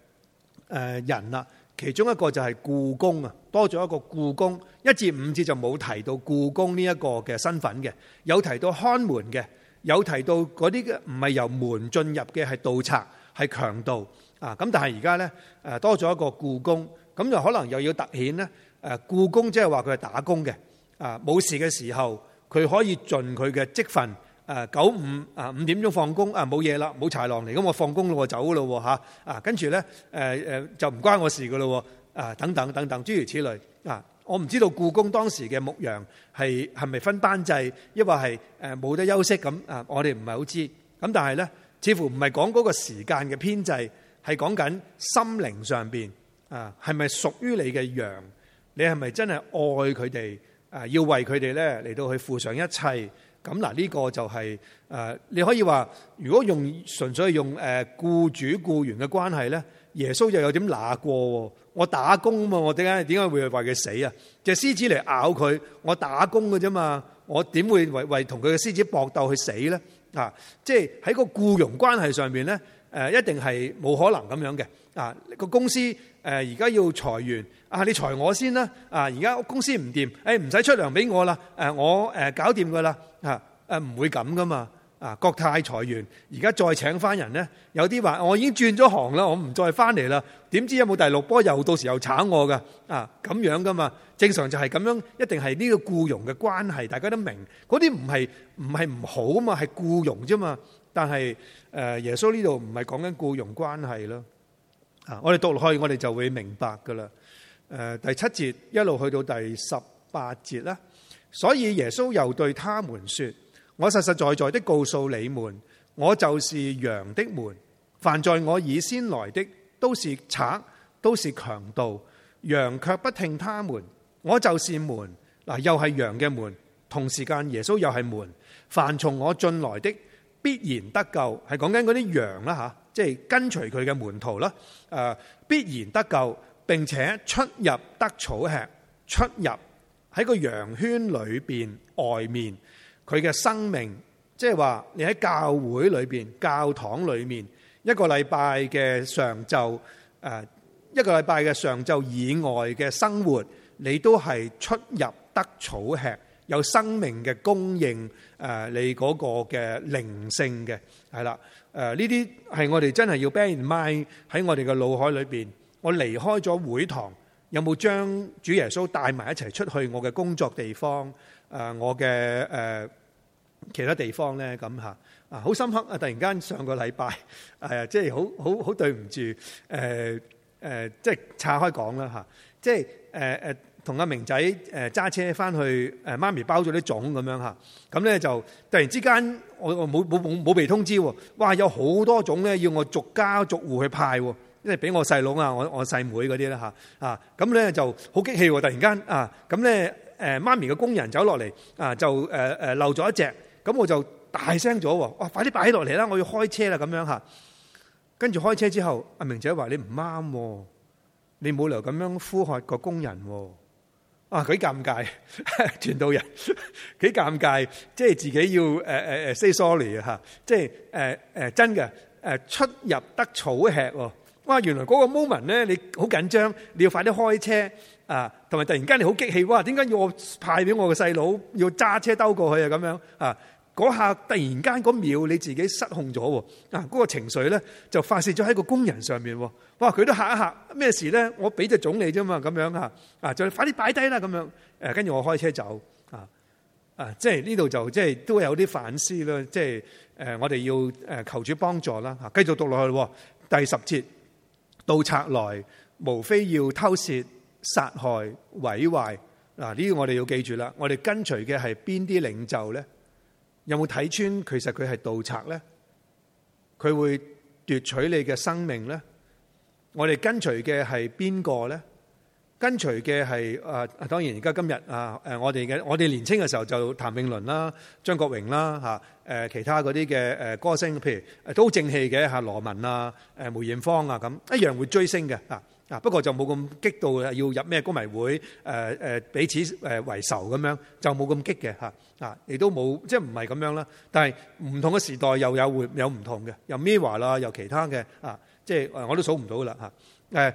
誒人啦，其中一個就係僱工啊，多咗一個僱工。一至五節就冇提到僱工呢一個嘅身份嘅，有提到看門嘅，有提到嗰啲唔係由門進入嘅係盜賊係強盜啊，咁但係而家呢，誒多咗一個僱工，咁就可能又要突顯呢，誒、啊、僱工即係話佢係打工嘅啊，冇事嘅時候佢可以盡佢嘅職份。啊，九五啊，五點鐘放工啊，冇嘢啦，冇豺狼嚟，咁我放工咯，我走咯，吓啊，跟住咧，誒誒，就唔關我事噶咯，啊，等等等等，諸如此類啊，我唔知道故宮當時嘅牧羊係係咪分班制，抑或係誒冇得休息咁啊？我哋唔係好知，咁但係咧，似乎唔係講嗰個時間嘅編制，係講緊心靈上邊啊，係咪屬於你嘅羊？你係咪真係愛佢哋啊？要為佢哋咧嚟到去負上一切。咁嗱，呢個就係、是、誒，你可以話，如果用純粹用誒雇主雇員嘅關係咧，耶穌又有點哪過喎？我打工嘛，我點解點解會為佢死啊？隻獅子嚟咬佢，我打工嘅啫嘛，我點會為為同佢嘅獅子搏鬥去死咧？啊，即係喺個雇傭關係上面咧、啊，一定係冇可能咁樣嘅。啊，個公司誒而家要裁員，啊你裁我先啦。啊而家公司唔掂，誒唔使出糧俾我啦。誒、啊、我誒、啊、搞掂㗎啦。誒，唔、啊、會咁噶嘛？啊，國泰裁員，而家再請翻人呢，有啲話我已經轉咗行啦，我唔再翻嚟啦。點知有冇第六波又到時又炒我噶？啊，咁樣噶嘛？正常就係咁樣，一定係呢個雇傭嘅關係，大家都明。嗰啲唔係唔係唔好啊嘛，係雇傭啫嘛。但係誒、呃，耶穌呢度唔係講緊雇傭關係咯。啊，我哋讀落去，我哋就會明白噶啦。誒、呃，第七節一路去到第十八節啦。所以耶穌又對他們說。我實實在在的告訴你們，我就是羊的門。凡在我以先來的，都是賊，都是強盜。羊卻不聽他們。我就是門，又係羊嘅門。同時間耶穌又係門。凡從我進來的，必然得救。係講緊嗰啲羊啦，吓，即係跟隨佢嘅門徒啦。誒、呃，必然得救，並且出入得草吃，出入喺個羊圈裏邊外面，佢嘅生命，即係話你喺教會裏邊、教堂裏面一個禮拜嘅上晝，誒、呃、一個禮拜嘅上晝以外嘅生活，你都係出入得草吃，有生命嘅供應，誒、呃、你嗰個嘅靈性嘅係啦，誒呢啲係我哋真係要 bear in mind 喺我哋嘅腦海裏邊。我離開咗會堂，有冇將主耶穌帶埋一齊出去我嘅工作地方？啊！我嘅誒其他地方咧咁嚇啊，好深刻啊！突然間上個禮拜誒，即係好好好對唔住誒誒，即係拆開講啦嚇，即係誒誒同阿明仔誒揸車翻去誒媽咪包咗啲粽咁樣嚇，咁咧就突然之間我我冇冇冇冇被通知喎，哇！有好多粽咧要我逐家逐戶去派，因為俾我細佬啊、我我細妹嗰啲咧嚇啊，咁咧就好激氣喎！突然間啊，咁咧～誒媽咪嘅工人走落嚟，啊就誒誒、呃呃、漏咗一隻，咁我就大聲咗，哇、啊、快啲擺起落嚟啦，我要開車啦咁樣嚇。跟住開車之後，阿明姐話你唔啱，你冇留咁樣呼喝個工人喎、啊。啊佢尷尬，全、啊、到人，佢尷尬，即係自己要誒 say sorry 即係誒真嘅、啊、出入得草吃喎。哇、啊啊、原來嗰個 moment 咧你好緊張，你要快啲開車。啊，同埋突然間你好激氣，哇！點解要我派俾我嘅細佬要揸車兜過去啊？咁樣啊，嗰下突然間嗰秒你自己失控咗喎，啊，嗰個情緒咧就發泄咗喺個工人上面喎。哇！佢都嚇一嚇，咩事咧？我俾隻總理啫嘛，咁樣啊啊，就快啲擺低啦，咁樣誒，跟住我開車走啊啊！即係呢度就即係都有啲反思啦，即係誒我哋要誒求主幫助啦嚇。繼續讀落去第十節，盜賊來無非要偷竊。殺害毀壞。嗱，呢個我哋要記住啦，我哋跟隨嘅係邊啲領袖咧？有冇睇穿？其實佢係盜賊咧？佢會奪取你嘅生命咧？我哋跟隨嘅係邊個咧？跟隨嘅係啊？當然而家今日啊，誒我哋嘅我哋年青嘅時候就譚詠麟啦、張國榮啦吓，誒、啊啊、其他嗰啲嘅誒歌星，譬如都好正氣嘅吓羅文啊、誒、啊、梅艷芳啊咁，一樣會追星嘅吓啊！不過就冇咁激到要入咩歌迷會？誒彼此誒為仇咁樣，就冇咁激嘅嚇。啊，亦都冇即係唔係咁樣啦。但係唔同嘅時代又有會有唔同嘅，又 Mirror 啦，又其他嘅啊，即係我都數唔到啦嚇。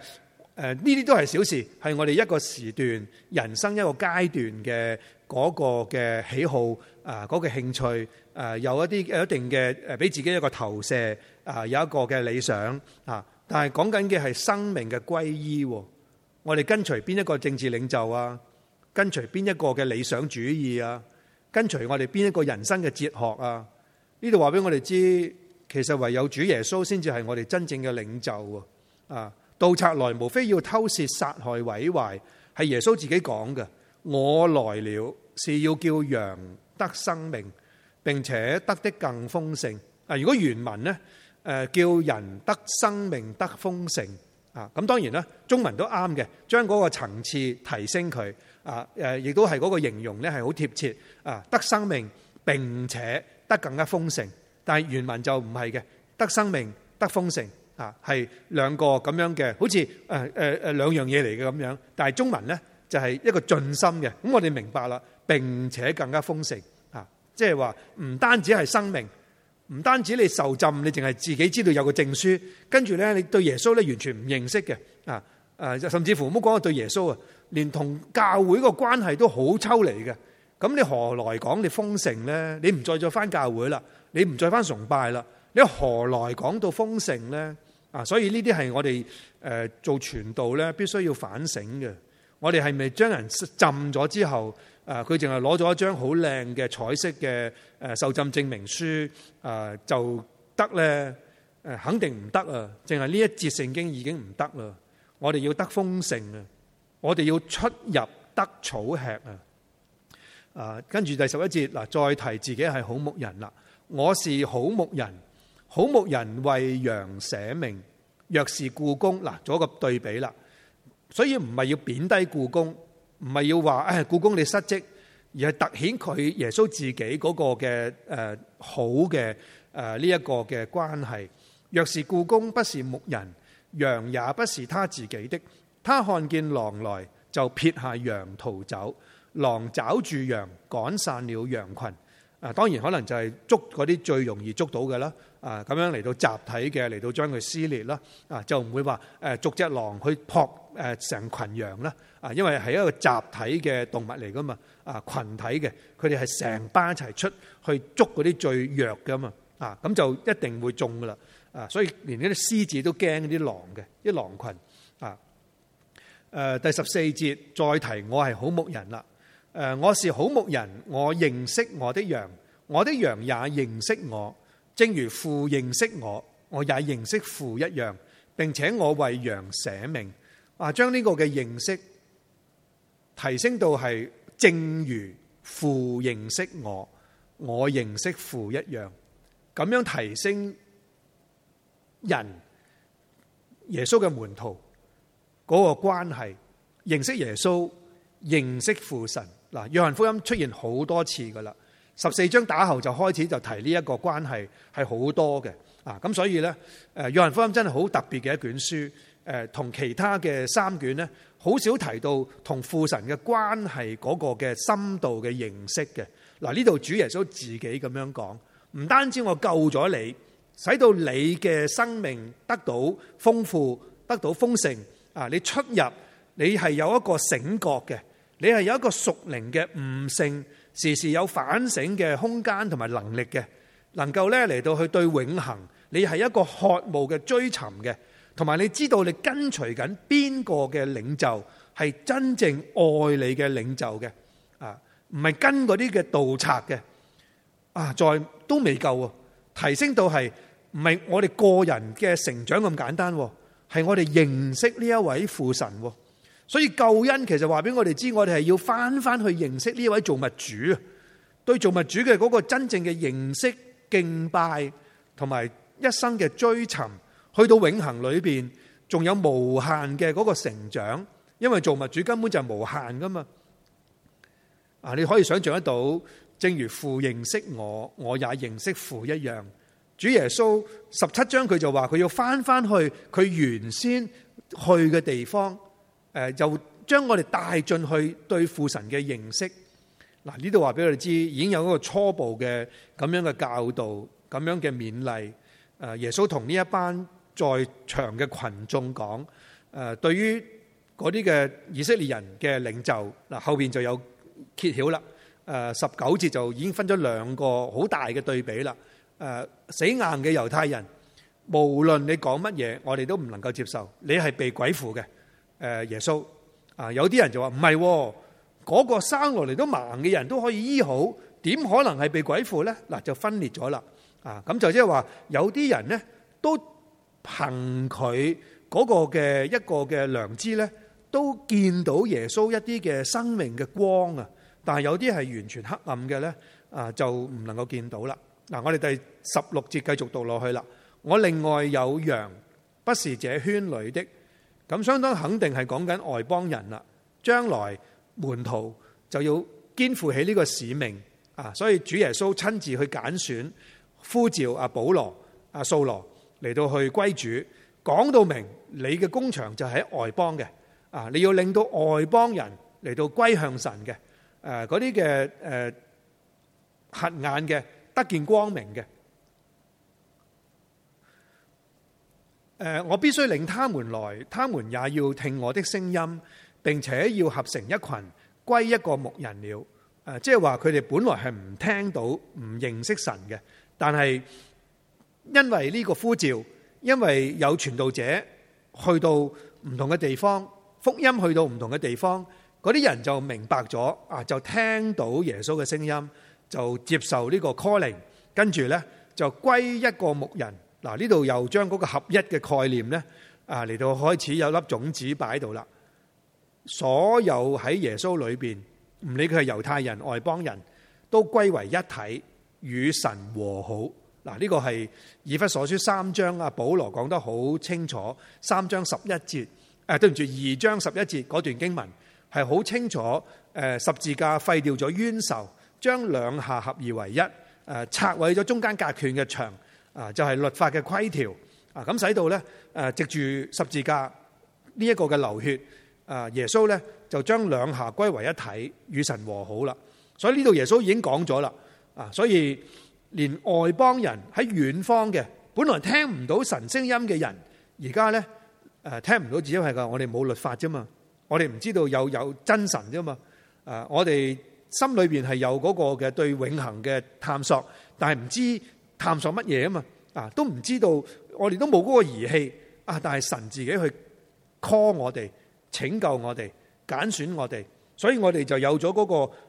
呢啲都係小事，係我哋一個時段、人生一個階段嘅嗰個嘅喜好啊，嗰、那個興趣啊，有一啲有一定嘅誒，俾自己一個投射啊，有一個嘅理想啊。但係講緊嘅係生命嘅皈依，我哋跟隨邊一個政治領袖啊？跟隨邊一個嘅理想主義啊？跟隨我哋邊一個人生嘅哲學啊？呢度話俾我哋知，其實唯有主耶穌先至係我哋真正嘅領袖。啊，盜賊來無非要偷竊、殺害、毀壞，係耶穌自己講嘅。我來了是要叫羊得生命，並且得的更豐盛。啊，如果原文呢？誒叫人得生命得豐盛啊！咁當然啦，中文都啱嘅，將嗰個層次提升佢啊！誒，亦都係嗰個形容咧，係好貼切啊！得生命並且得更加豐盛，但係原文就唔係嘅，得生命得豐盛啊，係兩個咁樣嘅，好似誒誒誒兩樣嘢嚟嘅咁樣。但係中文咧，就係一個盡心嘅，咁我哋明白啦。並且更加豐盛啊，即係話唔單止係生命。唔單止你受浸，你淨係自己知道有個證書，跟住呢，你對耶穌呢完全唔認識嘅啊！甚至乎唔好講對耶穌啊，連同教會個關係都好抽離嘅。咁你何來講你封城呢？你唔再做翻教會啦，你唔再翻崇拜啦，你何來講到封城呢？啊！所以呢啲係我哋誒做傳道呢必須要反省嘅。我哋係咪將人浸咗之後？啊！佢淨係攞咗一張好靚嘅彩色嘅誒受浸證證明書，啊就得咧？誒，肯定唔得啊！淨係呢一節聖經已經唔得啦。我哋要得豐盛啊！我哋要出入得草吃啊！啊，跟住第十一節嗱，再提自己係好牧人啦。我是好牧人，好牧人為羊捨命。若是僱工，嗱，做一個對比啦。所以唔係要貶低僱工。唔係要話誒，僱工你失職，而係凸顯佢耶穌自己嗰個嘅誒好嘅誒呢一個嘅關係。若是僱工不是牧人，羊也不是他自己的，他看見狼來就撇下羊逃走，狼抓住羊，趕散了羊群。啊，當然可能就係捉嗰啲最容易捉到嘅啦。啊，咁樣嚟到集體嘅，嚟到將佢撕裂啦。啊，就唔會話誒逐隻狼去撲誒成羣羊啦。啊，因為係一個集體嘅動物嚟噶嘛。啊，羣體嘅，佢哋係成班一齊出去捉嗰啲最弱噶嘛。啊，咁就一定會中噶啦。啊，所以連呢啲獅子都驚啲狼嘅，啲狼羣。啊，誒第十四節再提我係好牧人啦。誒，我是好牧人，我認識我的羊，我的羊也認識我。正如父認識我，我也認識父一樣，並且我為羊捨命。啊，將呢個嘅認識提升到係正如父認識我，我認識父一樣，咁樣提升人耶穌嘅門徒嗰個關係，認識耶穌，認識父神。嗱，約翰福音出現好多次㗎喇。十四章打後就開始就提呢一個關係係好多嘅。啊，咁所以呢，誒約翰福音真係好特別嘅一卷書，誒、啊、同其他嘅三卷呢，好少提到同父神嘅關係嗰個嘅深度嘅認識嘅。嗱呢度主耶穌自己咁樣講，唔單止我救咗你，使到你嘅生命得到豐富，得到豐盛啊！你出入你係有一個醒覺嘅，你係有一個屬靈嘅悟性。時時有反省嘅空間同埋能力嘅，能夠咧嚟，到去對永恆，你係一個渴慕嘅追尋嘅，同埋你知道你跟隨緊邊個嘅領袖係真正愛你嘅領袖嘅，啊，唔係跟嗰啲嘅盜賊嘅，啊，再都未夠，提升到係唔係我哋個人嘅成長咁簡單，係我哋認識呢一位父神。所以救恩其實話俾我哋知，我哋係要翻翻去認識呢位造物主，對造物主嘅嗰個真正嘅認識、敬拜，同埋一生嘅追尋，去到永恒裏邊，仲有無限嘅嗰個成長，因為造物主根本就係無限噶嘛。啊，你可以想象得到，正如父認識我，我也認識父一樣。主耶穌十七章佢就話佢要翻翻去佢原先去嘅地方。誒，又將我哋帶進去對父神嘅認識。嗱，呢度話俾我哋知，已經有一個初步嘅咁樣嘅教導，咁樣嘅勉勵。誒，耶穌同呢一班在場嘅群眾講，誒，對於嗰啲嘅以色列人嘅領袖，嗱，後邊就有揭曉啦。誒，十九節就已經分咗兩個好大嘅對比啦。誒，死硬嘅猶太人，無論你講乜嘢，我哋都唔能夠接受，你係被鬼附嘅。誒，耶穌啊，有啲人就話唔係，嗰個生落嚟都盲嘅人都可以醫好，點可能係被鬼附呢？嗱，就分裂咗啦。啊，咁就即係話有啲人呢，都憑佢嗰個嘅一個嘅良知呢，都見到耶穌一啲嘅生命嘅光啊，但係有啲係完全黑暗嘅呢，啊，就唔能夠見到啦。嗱、啊，我哋第十六節繼續讀落去啦。我另外有羊，不是這圈裏的。咁相當肯定係講緊外邦人啦，將來門徒就要肩負起呢個使命啊，所以主耶穌親自去揀選、呼召阿保羅、阿掃羅嚟到去歸主，講到明你嘅工場就喺外邦嘅啊，你要令到外邦人嚟到歸向神嘅，誒，嗰啲嘅誒，瞎眼嘅得見光明嘅。誒，我必須領他們來，他們也要聽我的聲音，並且要合成一群，歸一個牧人了。誒，即係話佢哋本來係唔聽到、唔認識神嘅，但係因為呢個呼召，因為有傳道者去到唔同嘅地方，福音去到唔同嘅地方，嗰啲人就明白咗，啊，就聽到耶穌嘅聲音，就接受呢個 calling，跟住呢，就歸一個牧人。嗱，呢度又將嗰個合一嘅概念咧，啊嚟到開始有粒種子擺到啦。所有喺耶穌裏面，唔理佢係猶太人、外邦人都歸為一體，與神和好。嗱，呢個係以弗所書三章啊，保羅講得好清楚，三章十一節，誒對唔住二章十一節嗰段經文係好清楚，誒十字架廢掉咗冤仇，將兩下合二為一，拆毀咗中間隔斷嘅牆。啊，就係律法嘅規條啊，咁使到咧，誒，藉住十字架呢一個嘅流血，啊，耶穌咧就將兩下歸為一體，與神和好啦。所以呢度耶穌已經講咗啦，啊，所以連外邦人喺遠方嘅，本來聽唔到神聲音嘅人，而家咧誒聽唔到，只因係㗎，我哋冇律法啫嘛，我哋唔知道有有真神啫嘛，啊，我哋心裏邊係有嗰個嘅對永恆嘅探索，但係唔知。探索乜嘢啊嘛？啊，都唔知道，我哋都冇嗰個儀器啊。但係神自己去 call 我哋，拯救我哋，揀選我哋，所以我哋就有咗嗰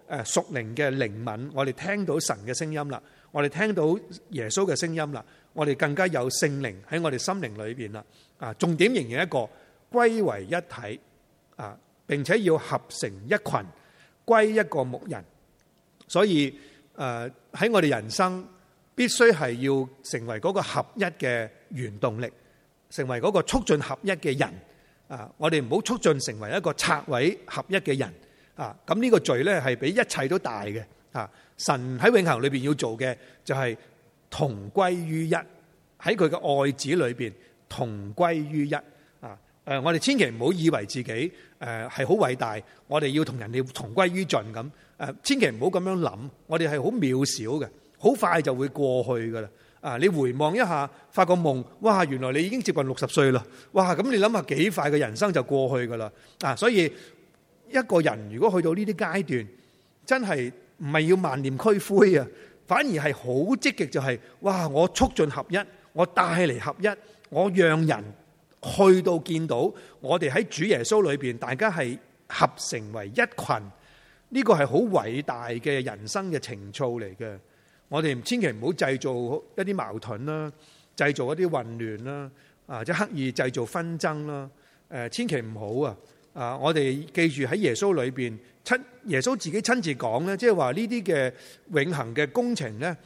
個誒屬靈嘅靈敏，我哋聽到神嘅聲音啦，我哋聽到耶穌嘅聲音啦，我哋更加有聖靈喺我哋心靈裏邊啦。啊，重點仍然一個歸為一體啊，並且要合成一群，歸一個牧人。所以誒喺我哋人生。必須係要成為嗰個合一嘅原動力，成為嗰個促進合一嘅人啊！我哋唔好促進成為一個拆毀合一嘅人啊！咁呢個罪呢，係比一切都大嘅啊！神喺永恒裏邊要做嘅就係同歸於一，喺佢嘅愛子裏邊同歸於一啊！誒，我哋千祈唔好以為自己誒係好偉大，我哋要同人哋同歸於盡咁誒，千祈唔好咁樣諗，我哋係好渺小嘅。好快就會過去噶啦！啊，你回望一下，發個夢，哇！原來你已經接近六十歲啦！哇！咁你諗下幾快嘅人生就過去噶啦！啊，所以一個人如果去到呢啲階段，真係唔係要萬念俱灰啊，反而係好積極、就係，就係哇！我促進合一，我帶嚟合一，我讓人去到見到我哋喺主耶穌裏邊，大家係合成為一群，呢個係好偉大嘅人生嘅情操嚟嘅。我哋千祈唔好製造一啲矛盾啦，製造一啲混亂啦，啊，即刻意製造紛爭啦。誒，千祈唔好啊！啊，我哋記住喺耶穌裏邊親，耶穌自己親自講咧，即係話呢啲嘅永恆嘅工程咧，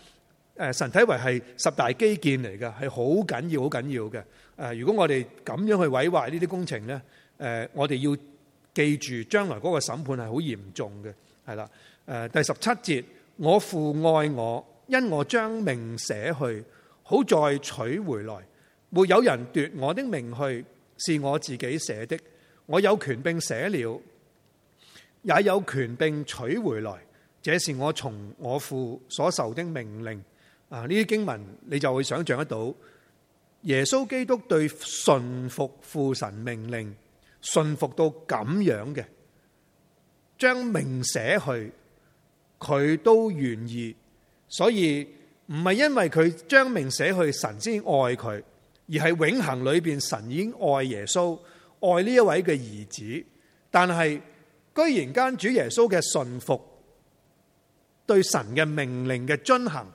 誒，神睇為係十大基建嚟嘅，係好緊要好緊要嘅。誒，如果我哋咁樣去毀壞呢啲工程咧，誒，我哋要記住將來嗰個審判係好嚴重嘅，係啦。誒，第十七節，我父愛我。因我將命捨去，好再取回來，沒有人奪我的命去，是我自己捨的。我有權並捨了，也有權並取回來，這是我從我父所受的命令。啊，呢啲經文你就會想象得到，耶穌基督對順服父神命令，順服到咁樣嘅，將命捨去，佢都願意。所以唔係因為佢將命寫去神先愛佢，而係永恒裏邊神已經愛耶穌，愛呢一位嘅兒子。但係居然間主耶穌嘅順服，對神嘅命令嘅遵行，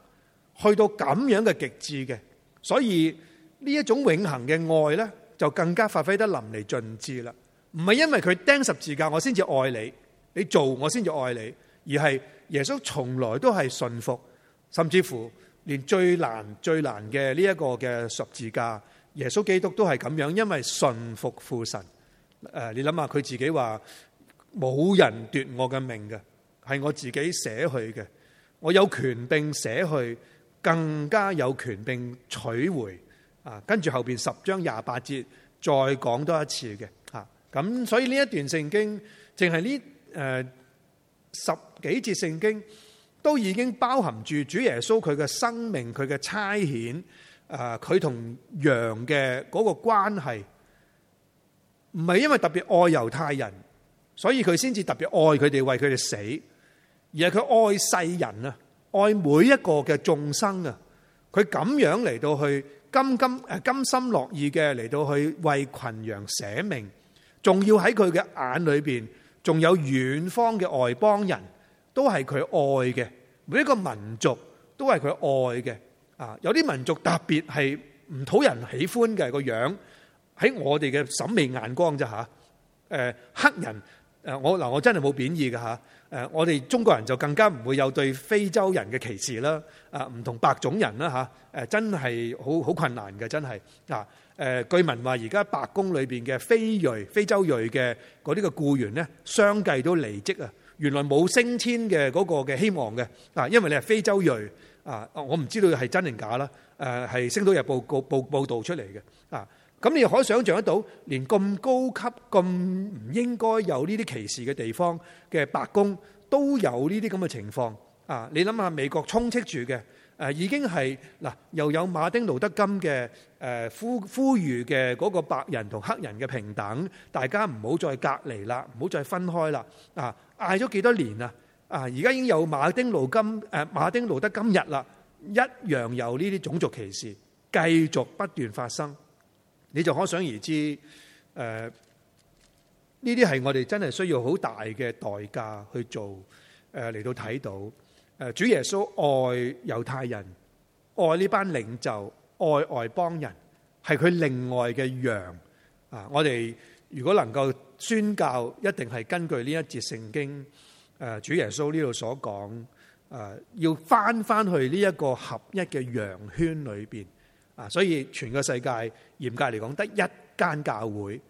去到咁樣嘅極致嘅，所以呢一種永恒嘅愛咧，就更加發揮得淋漓盡致啦。唔係因為佢釘十字架我先至愛你，你做我先至愛你，而係耶穌從來都係順服。甚至乎連最難、最難嘅呢一個嘅十字架，耶穌基督都係咁樣，因為信服父神。誒、呃，你諗下佢自己話冇人奪我嘅命嘅，係我自己捨去嘅。我有權柄捨去，更加有權柄取回。啊，跟住後邊十章廿八節再講多一次嘅。吓、啊，咁所以呢一段聖經淨係呢，誒十幾節聖經，都已經包含住主耶穌佢嘅生命，佢嘅差遣，誒，佢同羊嘅嗰個關係，唔係因為特別愛猶太人，所以佢先至特別愛佢哋為佢哋死，而係佢愛世人啊，愛每一個嘅眾生啊，佢咁樣嚟到去甘甘誒甘心樂意嘅嚟到去為群羊捨命，仲要喺佢嘅眼裏邊，仲有遠方嘅外邦人。都係佢愛嘅，每一個民族都係佢愛嘅。啊，有啲民族特別係唔討人喜歡嘅個樣，喺我哋嘅審美眼光啫吓，誒，黑人誒，我嗱我真係冇貶義嘅吓，誒，我哋中國人就更加唔會有對非洲人嘅歧視啦。啊，唔同白種人啦吓，誒，真係好好困難嘅，真係啊。誒、呃，據聞話而家白宮裏邊嘅非裔非洲裔嘅嗰啲嘅僱員咧，相繼都離職啊。原來冇升遷嘅嗰個嘅希望嘅啊，因為你係非洲裔啊，我唔知道係真定假啦。誒，係《星島日報》報報導出嚟嘅啊，咁你可想象得到，連咁高級、咁唔應該有呢啲歧視嘅地方嘅白宮都有呢啲咁嘅情況啊！你諗下美國充斥住嘅誒，已經係嗱又有馬丁路德金嘅。誒呼呼籲嘅嗰個白人同黑人嘅平等，大家唔好再隔離啦，唔好再分開啦。啊，嗌咗幾多年啊！啊，而家已經有馬丁路金誒、啊、馬丁路德今日啦，一樣有呢啲種族歧視繼續不斷發生。你就可想而知，誒呢啲係我哋真係需要好大嘅代價去做，誒、啊、嚟到睇到誒、啊、主耶穌愛猶太人，愛呢班領袖。外外邦人係佢另外嘅羊啊！我哋如果能夠宣教，一定係根據呢一節聖經誒，主耶穌呢度所講誒，要翻翻去呢一個合一嘅羊圈裏邊啊！所以全個世界嚴格嚟講，得一間教會，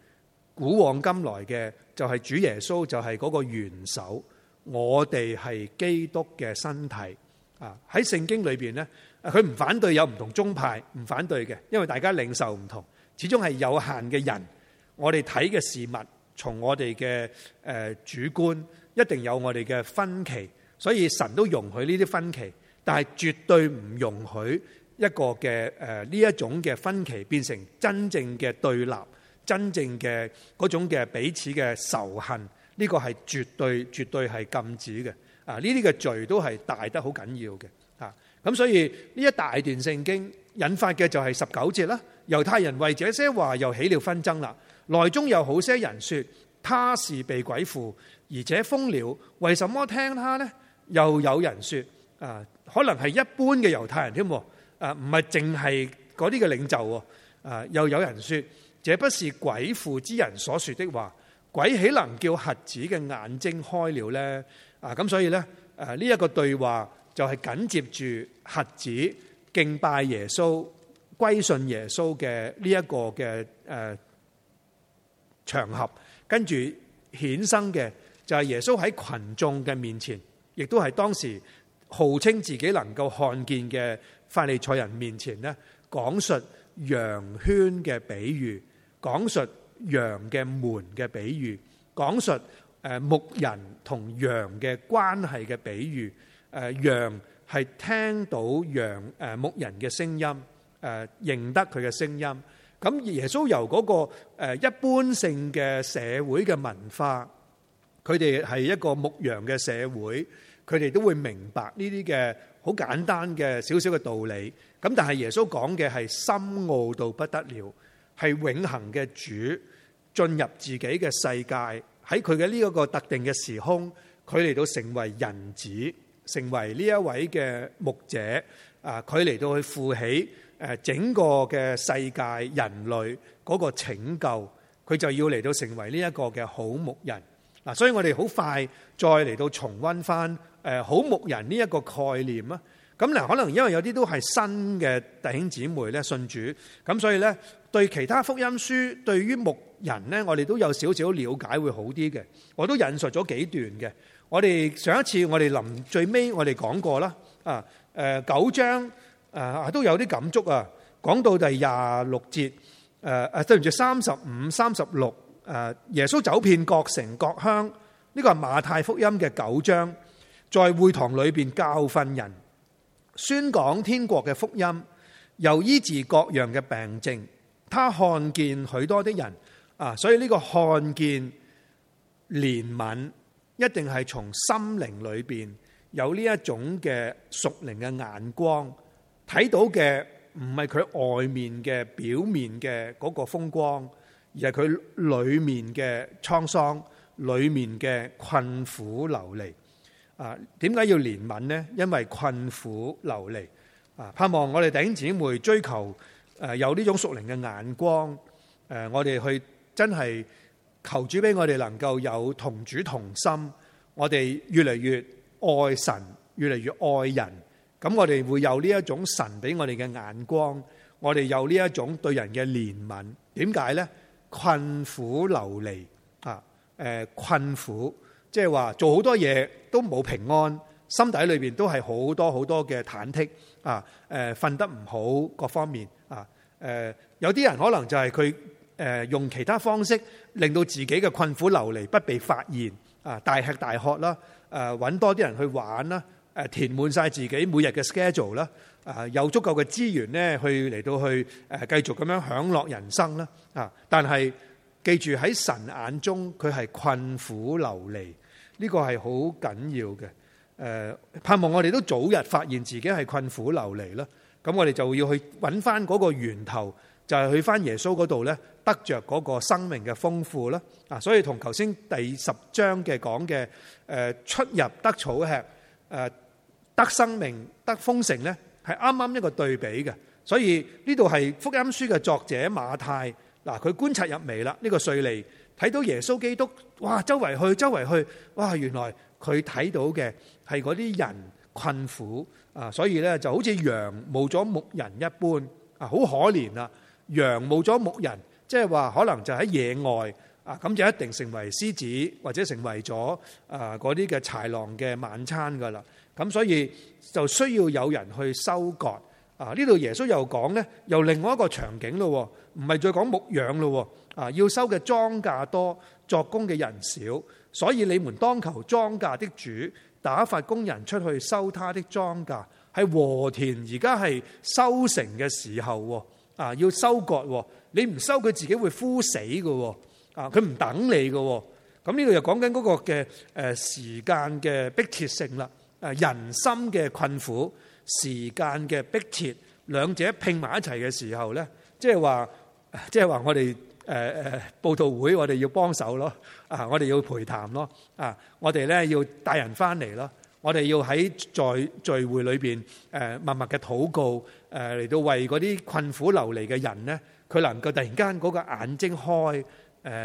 古往今來嘅就係主耶穌，就係嗰個元首，我哋係基督嘅身體啊！喺聖經裏邊呢。佢唔反對有唔同宗派，唔反對嘅，因為大家領受唔同，始終係有限嘅人。我哋睇嘅事物，從我哋嘅誒主觀，一定有我哋嘅分歧。所以神都容許呢啲分歧，但係絕對唔容許一個嘅誒呢一種嘅分歧變成真正嘅對立，真正嘅嗰種嘅彼此嘅仇恨。呢、這個係絕對、絕對係禁止嘅。啊、呃，呢啲嘅罪都係大得好緊要嘅。咁所以呢一大段聖經引發嘅就係十九節啦。猶太人為這些話又起了紛爭啦。內中有好些人說他是被鬼附，而且瘋了，為什麼聽他呢？又有人說啊，可能係一般嘅猶太人添喎，啊唔係淨係嗰啲嘅領袖喎。啊又有人說，這不是鬼附之人所說的話，鬼豈能叫瞎子嘅眼睛開了呢？啊咁所以呢，呢、啊、一個對話。就係緊接住瞎子敬拜耶穌、歸信耶穌嘅呢一個嘅誒場合，跟住衍生嘅就係耶穌喺群眾嘅面前，亦都係當時號稱自己能夠看見嘅法利賽人面前咧，講述羊圈嘅比喻，講述羊嘅門嘅比喻，講述誒牧人同羊嘅關係嘅比喻。誒，羊係聽到羊誒牧人嘅聲音，誒認得佢嘅聲音。咁耶穌由嗰個誒一般性嘅社會嘅文化，佢哋係一個牧羊嘅社會，佢哋都會明白呢啲嘅好簡單嘅少少嘅道理。咁但係耶穌講嘅係深奧到不得了，係永恆嘅主進入自己嘅世界，喺佢嘅呢一個特定嘅時空，佢嚟到成為人子。成為呢一位嘅牧者啊，佢嚟到去負起誒整個嘅世界人類嗰個拯救，佢就要嚟到成為呢一個嘅好牧人嗱。所以我哋好快再嚟到重溫翻誒好牧人呢一個概念啦。咁嗱，可能因為有啲都係新嘅弟兄姊妹咧，信主，咁所以咧，對其他福音書對於牧人咧，我哋都有少少了解會好啲嘅。我都引述咗幾段嘅。我哋上一次我哋臨最尾我哋講過啦，啊，誒九章誒都有啲感觸啊。講到第廿六節，誒、啊、誒對唔住三十五、三十六，誒耶穌走遍各城各鄉，呢、這個係馬太福音嘅九章，在會堂裏邊教訓人，宣講天國嘅福音，又醫治各樣嘅病症。他看見許多的人啊，所以呢個看見憐憫。一定係從心靈裏邊有呢一種嘅屬靈嘅眼光睇到嘅，唔係佢外面嘅表面嘅嗰個風光，而係佢裏面嘅滄桑，裏面嘅困苦流離。啊，點解要憐憫呢？因為困苦流離。啊，盼望我哋弟兄姊妹追求誒，有呢種屬靈嘅眼光。誒、啊，我哋去真係。求主俾我哋能夠有同主同心，我哋越嚟越愛神，越嚟越愛人，咁我哋會有呢一種神俾我哋嘅眼光，我哋有呢一種對人嘅憐憫。點解呢？困苦流離啊，誒，困苦，即係話做好多嘢都冇平安，心底裏邊都係好多好多嘅忐忑啊，誒、呃，瞓得唔好，各方面啊，誒、呃，有啲人可能就係佢。誒用其他方式令到自己嘅困苦流離不被發現啊！大吃大喝啦，誒揾多啲人去玩啦，誒填滿晒自己每日嘅 schedule 啦，誒有足夠嘅資源咧，去嚟到去誒繼續咁樣享樂人生啦啊！但係記住喺神眼中佢係困苦流離，呢個係好緊要嘅。誒、呃、盼望我哋都早日發現自己係困苦流離啦。咁我哋就要去揾返嗰個源頭。就係去返耶穌嗰度咧，得着嗰個生命嘅豐富啦。啊，所以同頭先第十章嘅講嘅誒出入得草吃，誒得生命得豐盛咧，係啱啱一個對比嘅。所以呢度係福音書嘅作者馬太嗱，佢觀察入微啦。呢個瑞利睇到耶穌基督，哇！周圍去，周圍去，哇！原來佢睇到嘅係嗰啲人困苦啊，所以咧就好似羊冇咗牧人一般啊，好可憐啊！羊冇咗牧人，即係話可能就喺野外啊，咁就一定成為獅子或者成為咗啊嗰啲嘅豺狼嘅晚餐噶啦。咁所以就需要有人去收割啊！呢度耶穌又講呢，又另外一個場景咯，唔係再講牧羊咯，啊要收嘅莊稼多，作工嘅人少，所以你們當求莊稼的主打發工人出去收他的莊稼。喺禾田而家係收成嘅時候。啊啊！要收割，你唔收佢自己會枯死嘅，啊佢唔等你嘅，咁呢度又講緊嗰個嘅誒時間嘅迫切性啦，誒人心嘅困苦，時間嘅迫切，兩者拼埋一齊嘅時候咧，即係話，即係話我哋誒誒布道會我，我哋要幫手咯，啊我哋要陪談咯，啊我哋咧要帶人翻嚟咯，我哋要喺在聚會裏邊誒默默嘅禱告。誒，嚟到為嗰啲困苦流離嘅人咧，佢能夠突然間嗰個眼睛開，誒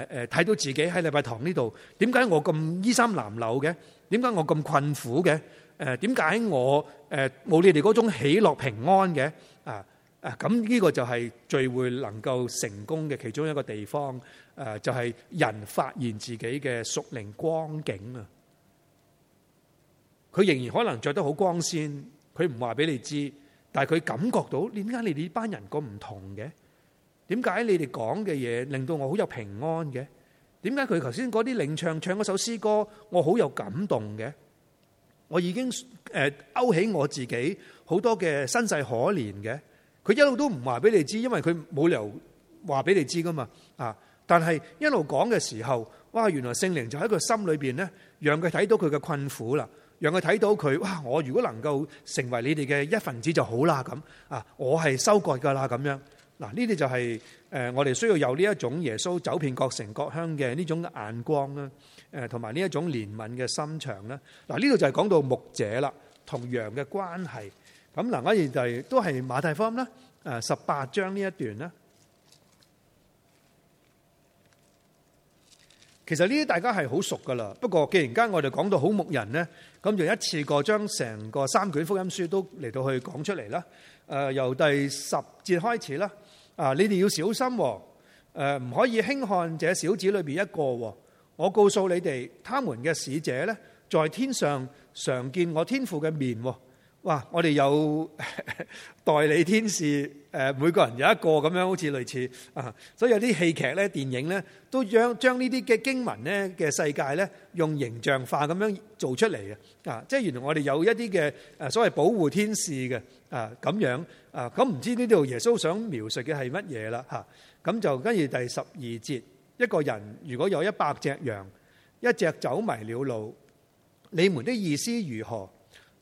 誒，睇到自己喺禮拜堂呢度，點解我咁衣衫襤褸嘅？點解我咁困苦嘅？誒，點解我誒冇你哋嗰種喜樂平安嘅？啊啊，咁、這、呢個就係聚會能夠成功嘅其中一個地方，誒、啊，就係、是、人發現自己嘅屬靈光景啊！佢仍然可能着得好光鮮，佢唔話俾你知。但係佢感覺到，點解你哋呢班人個唔同嘅？點解你哋講嘅嘢令到我好有平安嘅？點解佢頭先嗰啲領唱唱嗰首詩歌，我好有感動嘅？我已經誒勾起我自己好多嘅身世可憐嘅。佢一路都唔話俾你知，因為佢冇理由話俾你知噶嘛。啊！但係一路講嘅時候，哇！原來聖靈就喺佢心裏面咧，讓佢睇到佢嘅困苦啦。讓佢睇到佢，哇！我如果能夠成為你哋嘅一份子就好啦，咁啊，我係收割噶啦咁樣。嗱，呢啲就係誒，我哋需要有呢一種耶穌走遍各城各鄉嘅呢種眼光啦，誒，同埋呢一種憐憫嘅心腸啦。嗱，呢度就係講到牧者啦，同羊嘅關係。咁嗱，我哋就係都係馬太福音啦，誒，十八章呢一段啦。其實呢啲大家係好熟㗎啦，不過既然間我哋講到好牧人呢，咁就一次過將成個三卷福音書都嚟到去講出嚟啦、呃。由第十節開始啦。啊，你哋要小心喎、哦。呃、唔可以輕看這小子裏面一個喎、哦。我告訴你哋，他們嘅使者呢，在天上常見我天父嘅面喎、哦。哇！我哋有代理天使，誒每個人有一個咁樣，好似類似啊，所以有啲戲劇咧、電影咧，都將將呢啲嘅經文咧嘅世界咧，用形象化咁樣做出嚟嘅啊！即係原來我哋有一啲嘅誒所謂保護天使嘅啊咁樣啊，咁唔知呢度耶穌想描述嘅係乜嘢啦嚇？咁就跟住第十二節，一個人如果有一百隻羊，一隻走迷了路，你們的意思如何？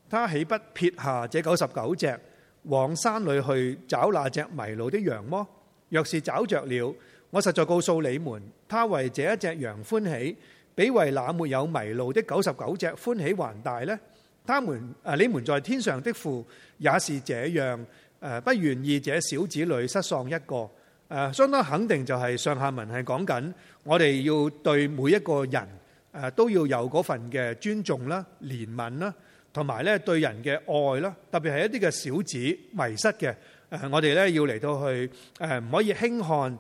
他豈不撇下這九十九隻，往山裏去找那隻迷路的羊麼？若是找著了，我實在告訴你們，他為這一隻羊歡喜，比為那沒有迷路的九十九隻歡喜還大呢。他們啊，你們在天上的父也是這樣誒，不願意這小子女失喪一個誒，相當肯定就係上下文係講緊我哋要對每一個人誒都要有嗰份嘅尊重啦、憐憫啦。同埋咧，對人嘅愛啦，特別係一啲嘅小子迷失嘅，誒，我哋咧要嚟到去誒，唔可以輕看，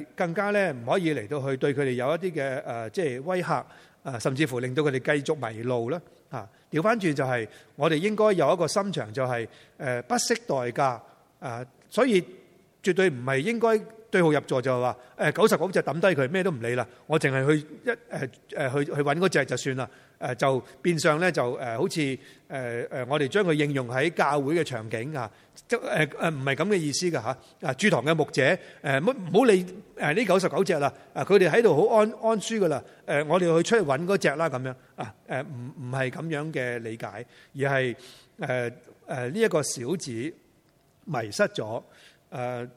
誒，更加咧唔可以嚟到去對佢哋有一啲嘅誒，即係威嚇，誒，甚至乎令到佢哋繼續迷路啦。嚇，調翻轉就係，我哋應該有一個心腸，就係誒，不惜代價，誒，所以絕對唔係應該。最號入座就係話誒，九十九隻抌低佢，咩都唔理啦，我淨係去一誒誒去去揾嗰隻就算啦。誒就變相咧就誒好似誒誒我哋將佢應用喺教會嘅場景啊，誒誒唔係咁嘅意思㗎吓。啊，主堂嘅牧者誒冇唔好理誒呢九十九隻啦。啊，佢哋喺度好安安舒噶啦。誒，我哋去出去揾嗰隻啦咁樣啊。誒，唔唔係咁樣嘅理解，而係誒誒呢一個小子迷失咗誒，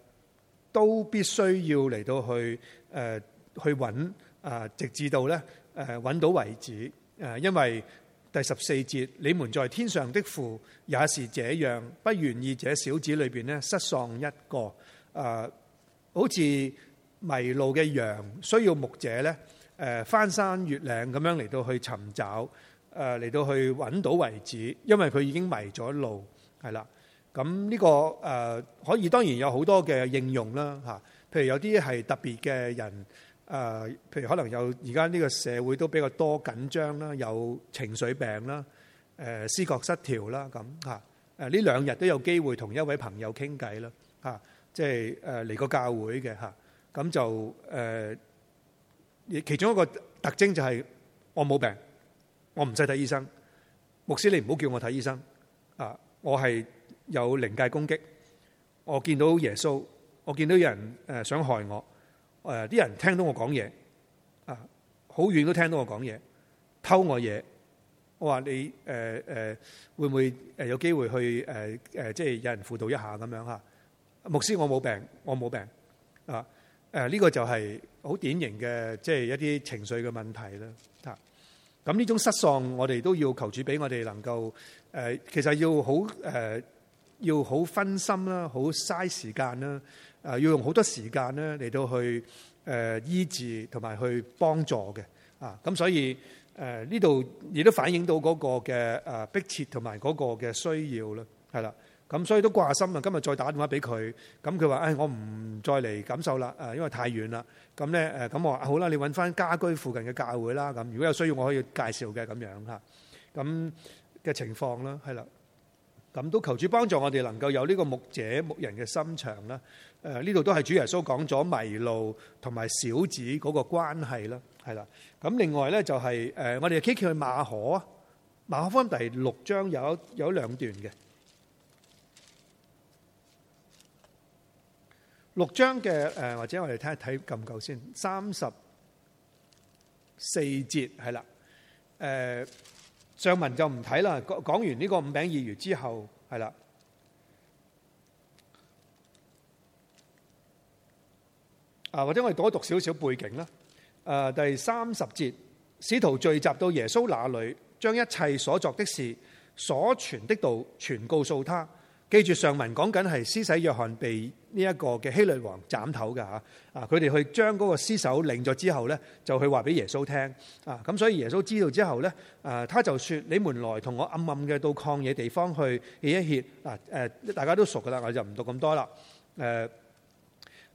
都必須要嚟到去誒去揾啊，直至到咧誒揾到為止誒，因為第十四節你們在天上的父也是這樣，不願意這小子裏邊咧失喪一個啊，好似迷路嘅羊需要牧者咧誒翻山越嶺咁樣嚟到去尋找誒嚟到去揾到為止，因為佢已經迷咗路係啦。咁呢個誒可以當然有好多嘅應用啦嚇，譬如有啲係特別嘅人誒，譬如可能有而家呢個社會都比較多緊張啦，有情緒病啦，誒思覺失調啦咁嚇誒。呢兩日都有機會同一位朋友傾偈啦嚇，即係誒嚟個教會嘅嚇，咁就誒其中一個特徵就係我冇病，我唔使睇醫生，牧師你唔好叫我睇醫生啊，我係。有靈界攻擊，我見到耶穌，我見到有人誒想害我，誒啲人聽到我講嘢啊，好遠都聽到我講嘢，偷我嘢，我話你誒誒、呃呃、會唔會誒有機會去誒誒、呃，即係有人輔導一下咁樣嚇牧師，我冇病，我冇病啊誒呢個就係好典型嘅，即、就、係、是、一啲情緒嘅問題啦。咁、呃、呢種失喪，我哋都要求主俾我哋能夠誒、呃，其實要好誒。呃要好分心啦，好嘥時間啦，誒要用好多時間呢嚟到去誒醫治同埋去幫助嘅，啊咁所以誒呢度亦都反映到嗰個嘅誒迫切同埋嗰個嘅需要啦，係啦，咁所以都掛心啊，今日再打電話俾佢，咁佢話誒我唔再嚟感受啦，誒因為太遠啦，咁咧誒咁我話好啦，你揾翻家居附近嘅教會啦，咁如果有需要我可以介紹嘅咁樣吓，咁嘅情況啦，係啦。咁都求主幫助我哋能夠有呢個牧者牧人嘅心腸啦。誒，呢度都係主耶穌講咗迷路同埋小子嗰個關係啦，係啦。咁另外咧就係誒，我哋就去馬可，馬可福音第六章有有兩段嘅。六章嘅誒，或者我哋睇下睇夠唔夠先，三十四節係啦，誒。上文就唔睇啦，講完呢個五餅二魚之後，係啦，或者我哋讀少少背景啦。第三十節，使徒聚集到耶穌那裏，將一切所作的事、所傳的道，全告訴他。記住上文講緊係施洗約翰被呢一個嘅希律王斬頭噶吓啊，佢哋去將嗰個屍首領咗之後咧，就去話俾耶穌聽啊，咁所以耶穌知道之後咧，誒，他就說你們來同我暗暗嘅到曠野地方去歇一歇啊，誒，大家都熟噶啦，我就唔讀咁多啦，誒，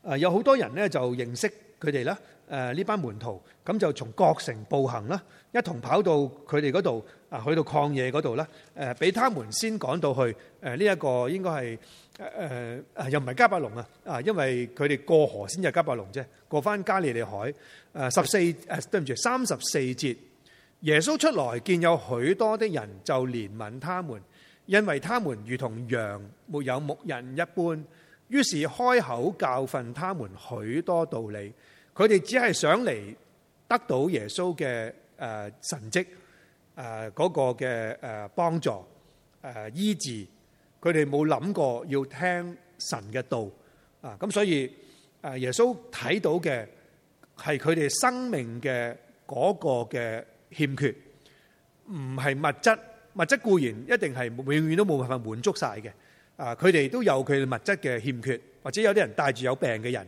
誒，有好多人咧就認識佢哋啦，誒，呢班門徒，咁就從各城步行啦，一同跑到佢哋嗰度。啊，去到曠野嗰度啦，誒，俾他們先趕到去，誒，呢一個應該係誒誒，又唔係加百隆啊，啊，因為佢哋過河先係加百隆啫，過翻加利利海，誒十四誒、呃，對唔住，三十四節，耶穌出來見有許多的人就憐憫他們，因為他們如同羊沒有牧人一般，於是開口教訓他們許多道理，佢哋只係想嚟得到耶穌嘅誒神蹟。誒嗰個嘅誒幫助誒醫治，佢哋冇諗過要聽神嘅道啊。咁所以誒耶穌睇到嘅係佢哋生命嘅嗰個嘅欠缺，唔係物質。物質固然一定係永遠都冇辦法滿足晒嘅啊。佢哋都有佢哋物質嘅欠缺，或者有啲人帶住有病嘅人、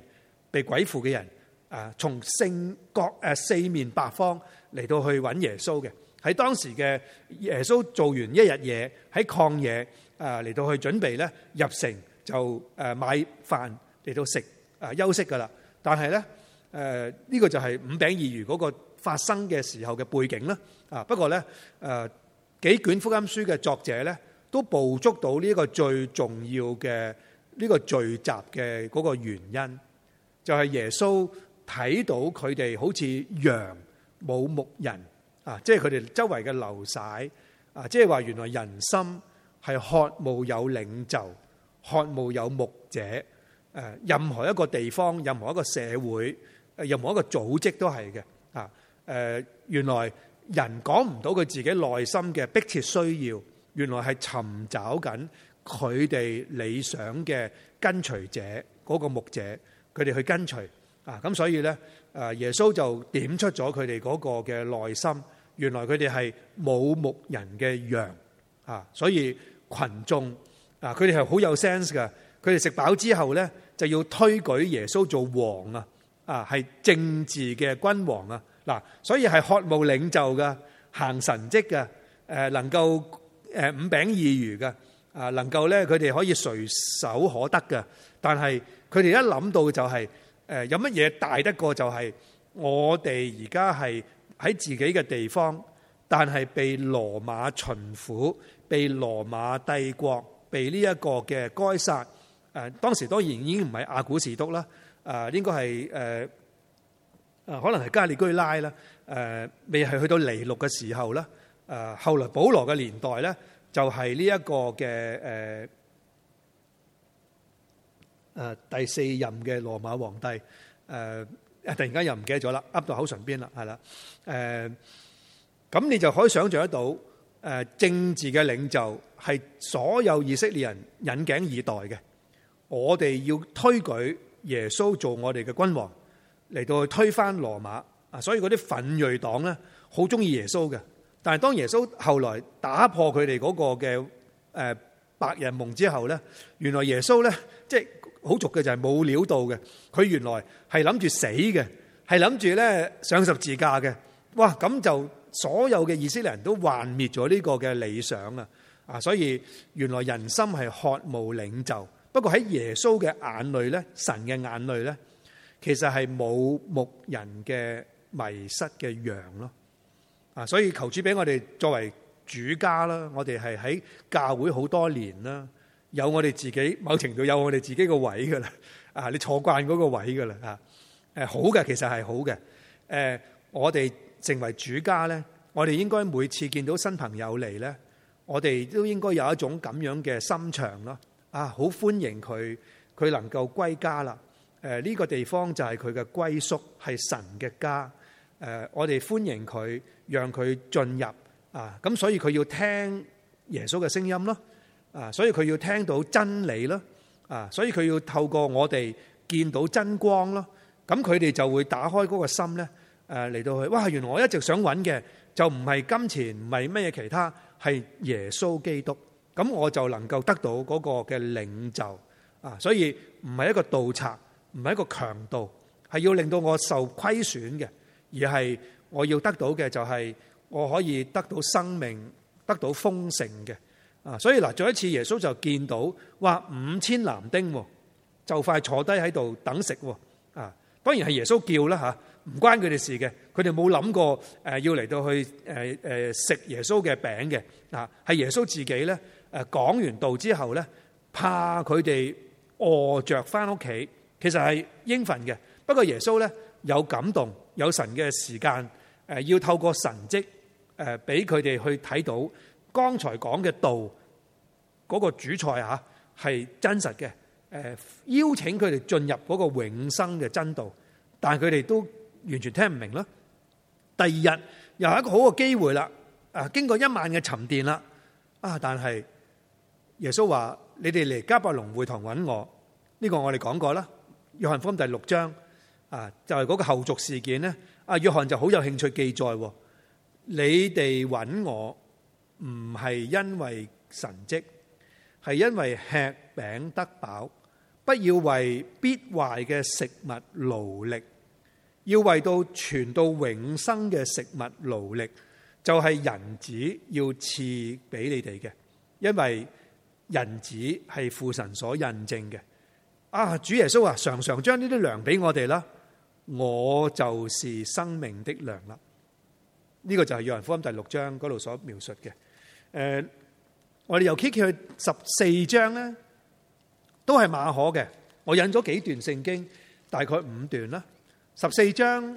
被鬼附嘅人啊，從聖國誒四面八方嚟到去揾耶穌嘅。喺當時嘅耶穌做完一日嘢，喺曠野啊嚟到去準備咧入城就誒買飯嚟到食啊休息噶啦。但係咧誒呢個就係五餅二魚嗰個發生嘅時候嘅背景啦。啊不過咧誒幾卷福音書嘅作者咧都捕捉到呢個最重要嘅呢個聚集嘅嗰個原因，就係耶穌睇到佢哋好似羊冇牧人。啊！即係佢哋周圍嘅流洗啊！即係話原來人心係渴慕有領袖，渴慕有牧者。誒，任何一個地方、任何一個社會、任何一個組織都係嘅。啊！誒，原來人講唔到佢自己內心嘅迫切需要，原來係尋找緊佢哋理想嘅跟隨者嗰個牧者，佢哋去跟隨。啊，咁所以咧，誒耶穌就點出咗佢哋嗰個嘅內心，原來佢哋係冇牧人嘅羊，啊，所以羣眾啊，佢哋係好有 sense 噶，佢哋食飽之後咧，就要推舉耶穌做王啊，啊，係政治嘅君王啊，嗱，所以係渴慕領袖嘅，行神蹟嘅，誒能夠誒五餅二魚嘅，啊，能夠咧佢哋可以隨手可得嘅，但係佢哋一諗到就係。誒、呃、有乜嘢大得過就係我哋而家係喺自己嘅地方，但係被羅馬巡撫、被羅馬帝國、被呢一個嘅該撒誒，當時當然已經唔係亞古士督啦，誒、呃、應該係誒誒可能係加利居拉啦，誒、呃、未係去到尼祿嘅時候啦，誒、呃、後來保羅嘅年代咧就係呢一個嘅誒。呃誒第四任嘅羅馬皇帝，誒突然間又唔記得咗啦，噏到口唇邊啦，係啦，誒咁你就可以想象得到，誒政治嘅領袖係所有以色列人引頸以待嘅，我哋要推舉耶穌做我哋嘅君王嚟到去推翻羅馬，啊，所以嗰啲奮銳黨咧好中意耶穌嘅，但係當耶穌後來打破佢哋嗰個嘅誒白人夢之後咧，原來耶穌咧即係。好俗嘅就係冇料到嘅，佢原來係諗住死嘅，係諗住咧上十字架嘅。哇，咁就所有嘅以色列人都幻滅咗呢個嘅理想啊！啊，所以原來人心係渴慕領袖。不過喺耶穌嘅眼淚咧，神嘅眼淚咧，其實係冇牧人嘅迷失嘅羊咯。啊，所以求主俾我哋作為主家啦，我哋係喺教會好多年啦。有我哋自己某程度有我哋自己個位噶啦，啊，你坐慣嗰個位噶啦，誒，好嘅，其實係好嘅，誒，我哋成為主家咧，我哋應該每次見到新朋友嚟，咧，我哋都應該有一種咁樣嘅心腸咯，啊，好歡迎佢，佢能夠歸家啦，誒，呢個地方就係佢嘅歸宿，係神嘅家，誒，我哋歡迎佢，讓佢進入，啊，咁所以佢要聽耶穌嘅聲音咯。啊，所以佢要聽到真理咯，啊，所以佢要透過我哋見到真光咯，咁佢哋就會打開嗰個心咧，誒，嚟到去，哇！原來我一直想揾嘅就唔係金錢，唔係咩其他，係耶穌基督，咁我就能夠得到嗰個嘅領袖啊，所以唔係一個盜賊，唔係一個強盜，係要令到我受虧損嘅，而係我要得到嘅就係我可以得到生命，得到豐盛嘅。啊，所以嗱，再一次耶穌就見到哇五千男丁就快坐低喺度等食喎，啊，當然係耶穌叫啦嚇，唔關佢哋事嘅，佢哋冇諗過誒要嚟到去誒誒食耶穌嘅餅嘅，啊，係、啊啊啊、耶穌、啊、自己咧誒講完道之後咧，怕佢哋餓着翻屋企，其實係應份嘅。不過耶穌咧有感動，有神嘅時間誒、啊，要透過神蹟誒俾佢哋去睇到。剛才講嘅道嗰，那個主菜啊，係真實嘅。誒、呃，邀請佢哋進入嗰個永生嘅真道，但係佢哋都完全聽唔明啦。第二日又係一個好嘅機會啦。啊，經過一晚嘅沉澱啦，啊，但係耶穌話：你哋嚟迦百農會堂揾我呢，這個，我哋講過啦。約翰福音第六章啊，就係、是、嗰個後續事件咧。啊，約翰就好有興趣記載，你哋揾我。唔係因為神蹟，係因為吃餅得飽。不要為必壞嘅食物勞力，要為到存到永生嘅食物勞力，就係、是、人子要賜俾你哋嘅。因為人子係父神所印證嘅。啊，主耶穌啊，常常將呢啲糧俾我哋啦，我就是生命的糧啦。呢、這個就係約翰福音第六章嗰度所描述嘅。誒、呃，我哋由 kick 去十四章咧，都係馬可嘅。我引咗幾段聖經，大概五段啦。十四章誒、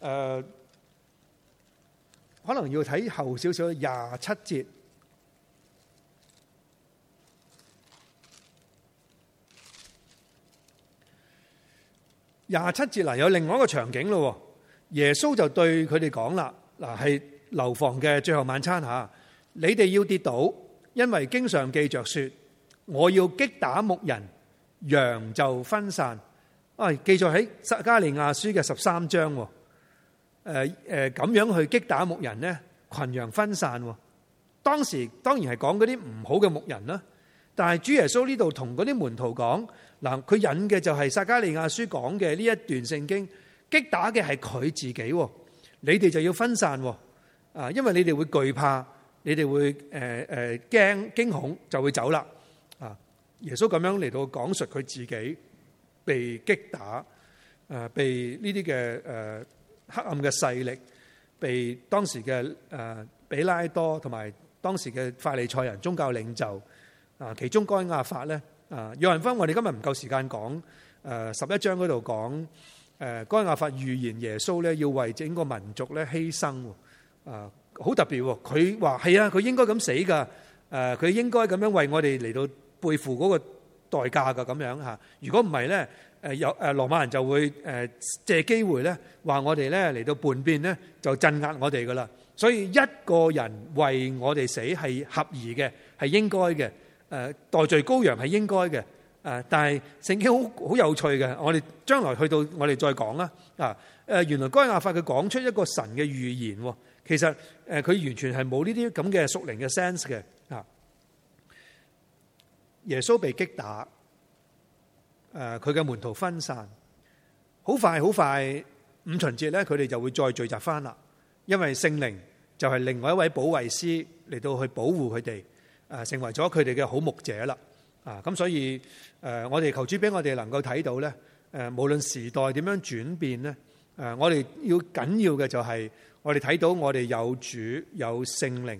呃，可能要睇後少少廿七節，廿七節嗱，有另外一個場景咯。耶穌就對佢哋講啦，嗱係樓房嘅最後晚餐嚇，你哋要跌倒，因為經常記着說，我要擊打牧人，羊就分散。啊，記住喺撒迦利亞書嘅十三章，誒誒咁樣去擊打牧人咧，群羊分散。當時當然係講嗰啲唔好嘅牧人啦，但係主耶穌呢度同嗰啲門徒講，嗱，佢引嘅就係撒迦利亞書講嘅呢一段聖經，擊打嘅係佢自己，你哋就要分散，啊，因為你哋會懼怕。你哋會誒誒驚驚恐，就會走啦啊！耶穌咁樣嚟到講述佢自己被擊打，誒被呢啲嘅誒黑暗嘅勢力，被當時嘅誒比拉多同埋當時嘅法利賽人宗教領袖啊，其中該亞法咧啊，約翰福音我哋今日唔夠時間講誒十一章嗰度講誒該亞法預言耶穌咧要為整個民族咧犧牲喎啊！好特別喎！佢話係啊，佢應該咁死噶，誒、呃、佢應該咁樣為我哋嚟到背負嗰個代價噶咁樣嚇。如果唔係咧，誒有誒羅馬人就會誒、呃、借機會咧話我哋咧嚟到叛變咧就鎮壓我哋噶啦。所以一個人為我哋死係合宜嘅，係應該嘅。誒、呃、代罪羔羊係應該嘅。誒、呃、但係聖經好好有趣嘅，我哋將來去到我哋再講啦。啊、呃、誒原來該亞法佢講出一個神嘅預言。其實誒，佢完全係冇呢啲咁嘅屬靈嘅 sense 嘅啊！耶穌被擊打，誒，佢嘅門徒分散，好快好快五旬節咧，佢哋就會再聚集翻啦。因為聖靈就係另外一位保惠師嚟到去保護佢哋，誒，成為咗佢哋嘅好牧者啦。啊，咁所以誒，我哋求主俾我哋能夠睇到咧，誒，無論時代點樣轉變咧，誒，我哋要緊要嘅就係。我哋睇到我哋有主、有聖靈、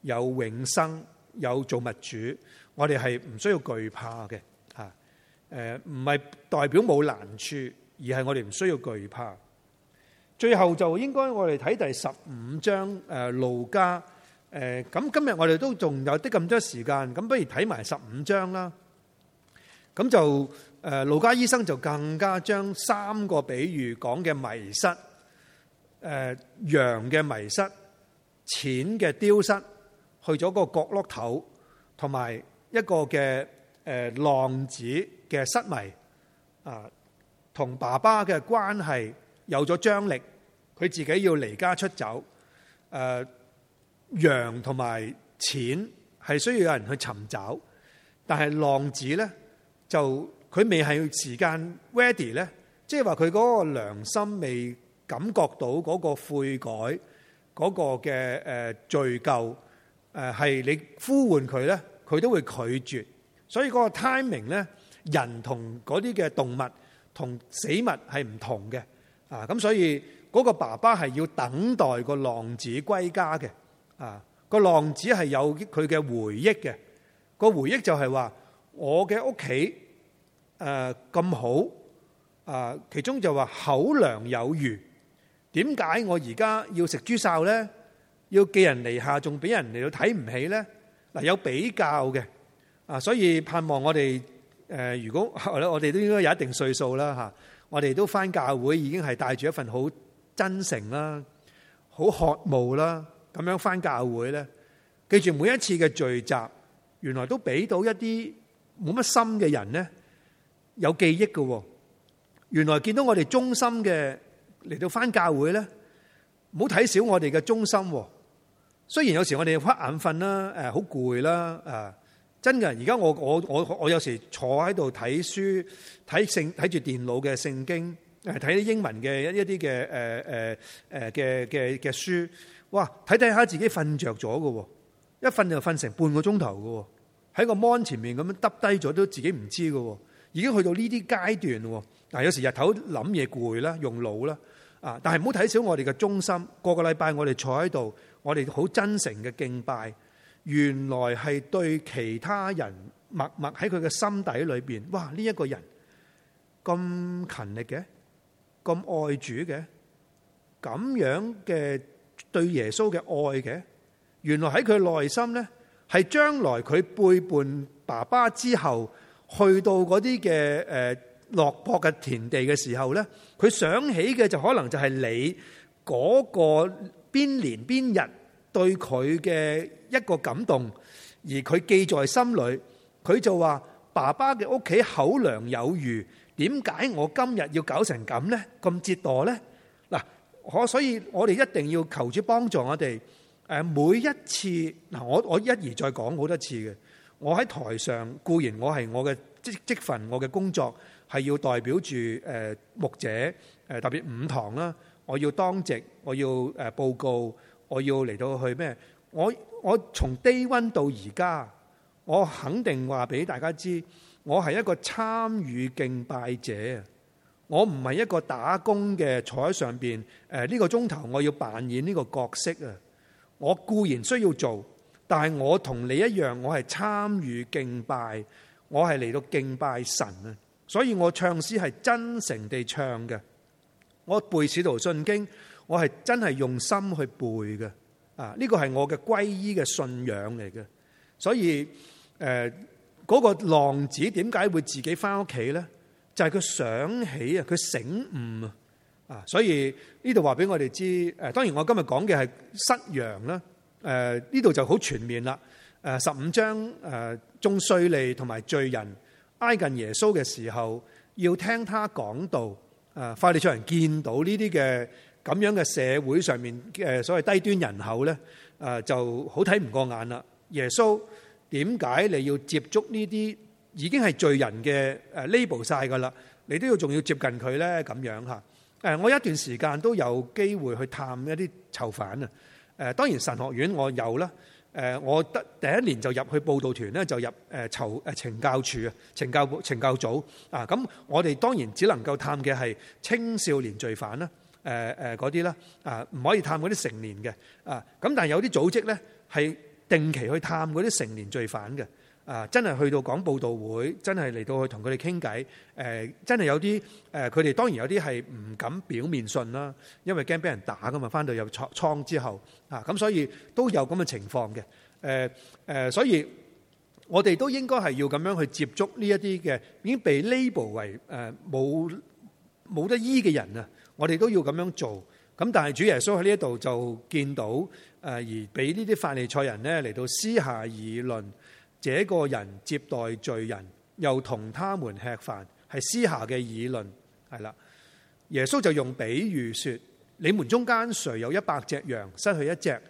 有永生、有造物主，我哋係唔需要懼怕嘅，吓，誒唔係代表冇難處，而係我哋唔需要懼怕。最後就應該我哋睇第十五章誒路加，誒、呃、咁、呃、今日我哋都仲有啲咁多時間，咁不如睇埋十五章啦。咁就誒路加醫生就更加將三個比喻講嘅迷失。誒羊嘅迷失，錢嘅丟失，去咗個角落頭，同埋一個嘅誒、呃、浪子嘅失迷啊，同、呃、爸爸嘅關係有咗張力，佢自己要離家出走。誒、呃、羊同埋錢係需要有人去尋找，但係浪子咧就佢未係時間 ready 咧，即係話佢嗰個良心未。感覺到嗰個悔改、嗰個嘅誒罪咎，誒係你呼喚佢咧，佢都會拒絕。所以嗰個 timing 咧，人同嗰啲嘅動物同死物係唔同嘅。啊，咁所以嗰個爸爸係要等待個浪子歸家嘅。啊，個浪子係有佢嘅回憶嘅。個回憶就係話我嘅屋企誒咁好啊，其中就話口糧有餘。點解我而家要食豬潲咧？要寄人籬下，仲俾人嚟到睇唔起咧？嗱，有比較嘅啊，所以盼望我哋誒，如果我哋都應該有一定歲數啦嚇，我哋都翻教會已經係帶住一份好真誠啦，好渴慕啦，咁樣翻教會咧，記住每一次嘅聚集，原來都俾到一啲冇乜心嘅人咧，有記憶嘅喎。原來見到我哋忠心嘅。嚟到翻教會咧，唔好睇小我哋嘅中心。雖然有時我哋瞌眼瞓啦，誒好攰啦，真嘅。而家我我我我有時坐喺度睇書，睇聖睇住電腦嘅聖經，睇啲英文嘅一啲嘅誒誒誒嘅嘅嘅書。哇，睇睇下自己瞓着咗嘅，一瞓就瞓成半個鐘頭嘅，喺個 mon 前面咁樣耷低咗都自己唔知喎。已經去到呢啲階段喎。嗱，有時日頭諗嘢攰啦，用腦啦。啊！但係唔好睇小我哋嘅忠心。個個禮拜我哋坐喺度，我哋好真誠嘅敬拜。原來係對其他人默默喺佢嘅心底裏邊。哇！呢、這、一個人咁勤力嘅，咁愛主嘅，咁樣嘅對耶穌嘅愛嘅，原來喺佢內心咧，係將來佢背叛爸爸之後，去到嗰啲嘅誒，呃落魄嘅田地嘅時候呢，佢想起嘅就可能就係你嗰個邊年邊日對佢嘅一個感動，而佢記在心裏，佢就話：爸爸嘅屋企口糧有餘，點解我今日要搞成咁呢？咁折墮呢？嗱，所以我哋一定要求主幫助我哋。誒，每一次嗱，我我一而再講好多次嘅，我喺台上固然我係我嘅職職份，我嘅工作。係要代表住誒牧者誒，特別五堂啦，我要當值，我要誒報告，我要嚟到去咩？我我從 day one 到而家，我肯定話俾大家知，我係一個參與敬拜者，我唔係一個打工嘅，坐喺上邊誒，呢個鐘頭我要扮演呢個角色啊！我固然需要做，但係我同你一樣，我係參與敬拜，我係嚟到敬拜神啊！所以我唱詩係真誠地唱嘅，我背《使徒信經》，我係真係用心去背嘅。啊，呢個係我嘅歸依嘅信仰嚟嘅。所以，誒、呃、嗰、那個浪子點解會自己翻屋企咧？就係、是、佢想起啊，佢醒悟啊。啊，所以呢度話俾我哋知，誒，當然我今日講嘅係失羊啦。誒、呃，呢度就好全面啦。誒，十五章誒，種、呃、稅吏同埋罪人。挨近耶穌嘅時候，要聽他講道。快、啊、法利賽人見到呢啲嘅咁樣嘅社會上面嘅、呃、所謂低端人口咧、啊，就好睇唔過眼啦。耶穌，點解你要接觸呢啲已經係罪人嘅 label 晒㗎啦？你都要仲要接近佢咧咁樣吓？誒，我一段時間都有機會去探一啲囚犯啊。當然神學院我有啦。誒，我得第一年就入去佈道團咧，就入誒籌誒懲教處啊，懲教懲教組啊，咁我哋當然只能夠探嘅係青少年罪犯啦，誒誒嗰啲啦，啊唔可以探嗰啲成年嘅啊，咁但係有啲組織咧係定期去探嗰啲成年罪犯嘅。啊！真係去到講報道會，真係嚟到去同佢哋傾偈。誒、呃，真係有啲誒，佢、呃、哋當然有啲係唔敢表面信啦，因為驚俾人打噶嘛，返到入倉倉之後啊，咁所以都有咁嘅情況嘅。誒、呃、誒、呃，所以我哋都應該係要咁樣去接觸呢一啲嘅已經被 label 為誒冇冇得醫嘅人啊！我哋都要咁樣做。咁但係主耶穌喺呢一度就見到誒、呃，而俾呢啲法利賽人呢嚟到私下議論。這個人接待罪人，又同他們吃飯，係私下嘅議論，係啦。耶穌就用比喻說：你們中間誰有一百隻羊，失去一隻，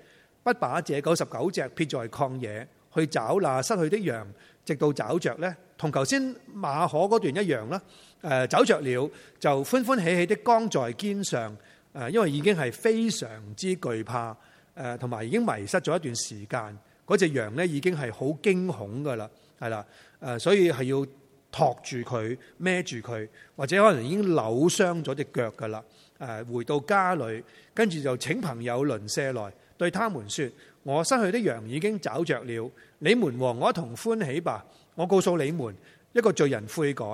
不把這九十九隻撇在曠野去找那失去的羊，直到找着呢，同頭先馬可嗰段一樣啦。誒，找着了就歡歡喜喜的扛在肩上。誒，因為已經係非常之懼怕，誒，同埋已經迷失咗一段時間。嗰隻羊呢已經係好驚恐噶啦，係啦，誒，所以係要托住佢，孭住佢，或者可能已經扭傷咗隻腳噶啦，回到家裏，跟住就請朋友鄰舍來，對他們說：我失去的羊已經找着了，你們和我同歡喜吧。我告訴你們，一個罪人悔改，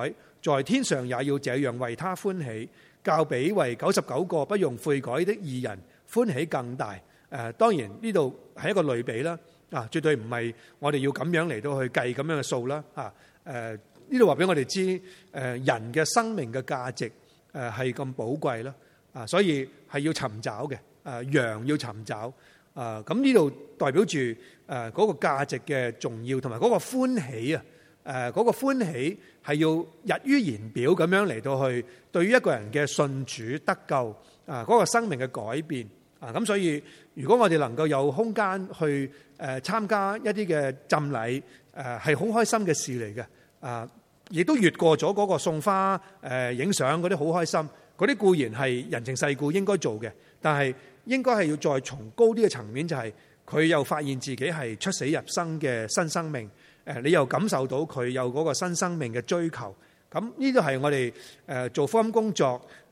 在天上也要這樣為他歡喜，較比為九十九個不用悔改的義人歡喜更大。誒、呃，當然呢度係一個類比啦。嗱，絕對唔係我哋要咁樣嚟到去計咁樣嘅數啦，嚇！誒，呢度話俾我哋知，誒人嘅生命嘅價值誒係咁寶貴啦，啊，所以係要尋找嘅，誒羊要尋找，啊，咁呢度代表住誒嗰個價值嘅重要，同埋嗰個歡喜啊，誒嗰個歡喜係要溢於言表咁樣嚟到去，對於一個人嘅信主得救，啊嗰個生命嘅改變。啊咁所以，如果我哋能夠有空間去誒、呃、參加一啲嘅浸禮，誒係好開心嘅事嚟嘅。啊、呃，亦都越過咗嗰個送花、誒影相嗰啲好開心，嗰啲固然係人情世故應該做嘅，但係應該係要再從高啲嘅層面、就是，就係佢又發現自己係出死入生嘅新生命。誒、呃，你又感受到佢有嗰個新生命嘅追求。咁呢啲係我哋誒、呃、做福音工作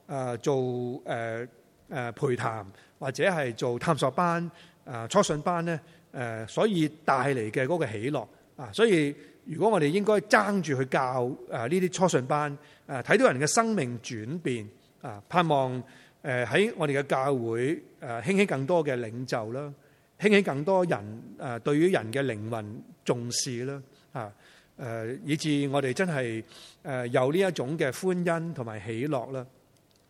啊、呃，做誒。呃誒陪談或者係做探索班誒初信班咧誒，所以帶嚟嘅嗰個喜樂啊，所以如果我哋應該爭住去教誒呢啲初信班誒，睇到人嘅生命轉變啊，盼望誒喺我哋嘅教會誒興起更多嘅領袖啦，興起更多人誒對於人嘅靈魂重視啦啊誒，以至我哋真係誒有呢一種嘅歡欣同埋喜樂啦。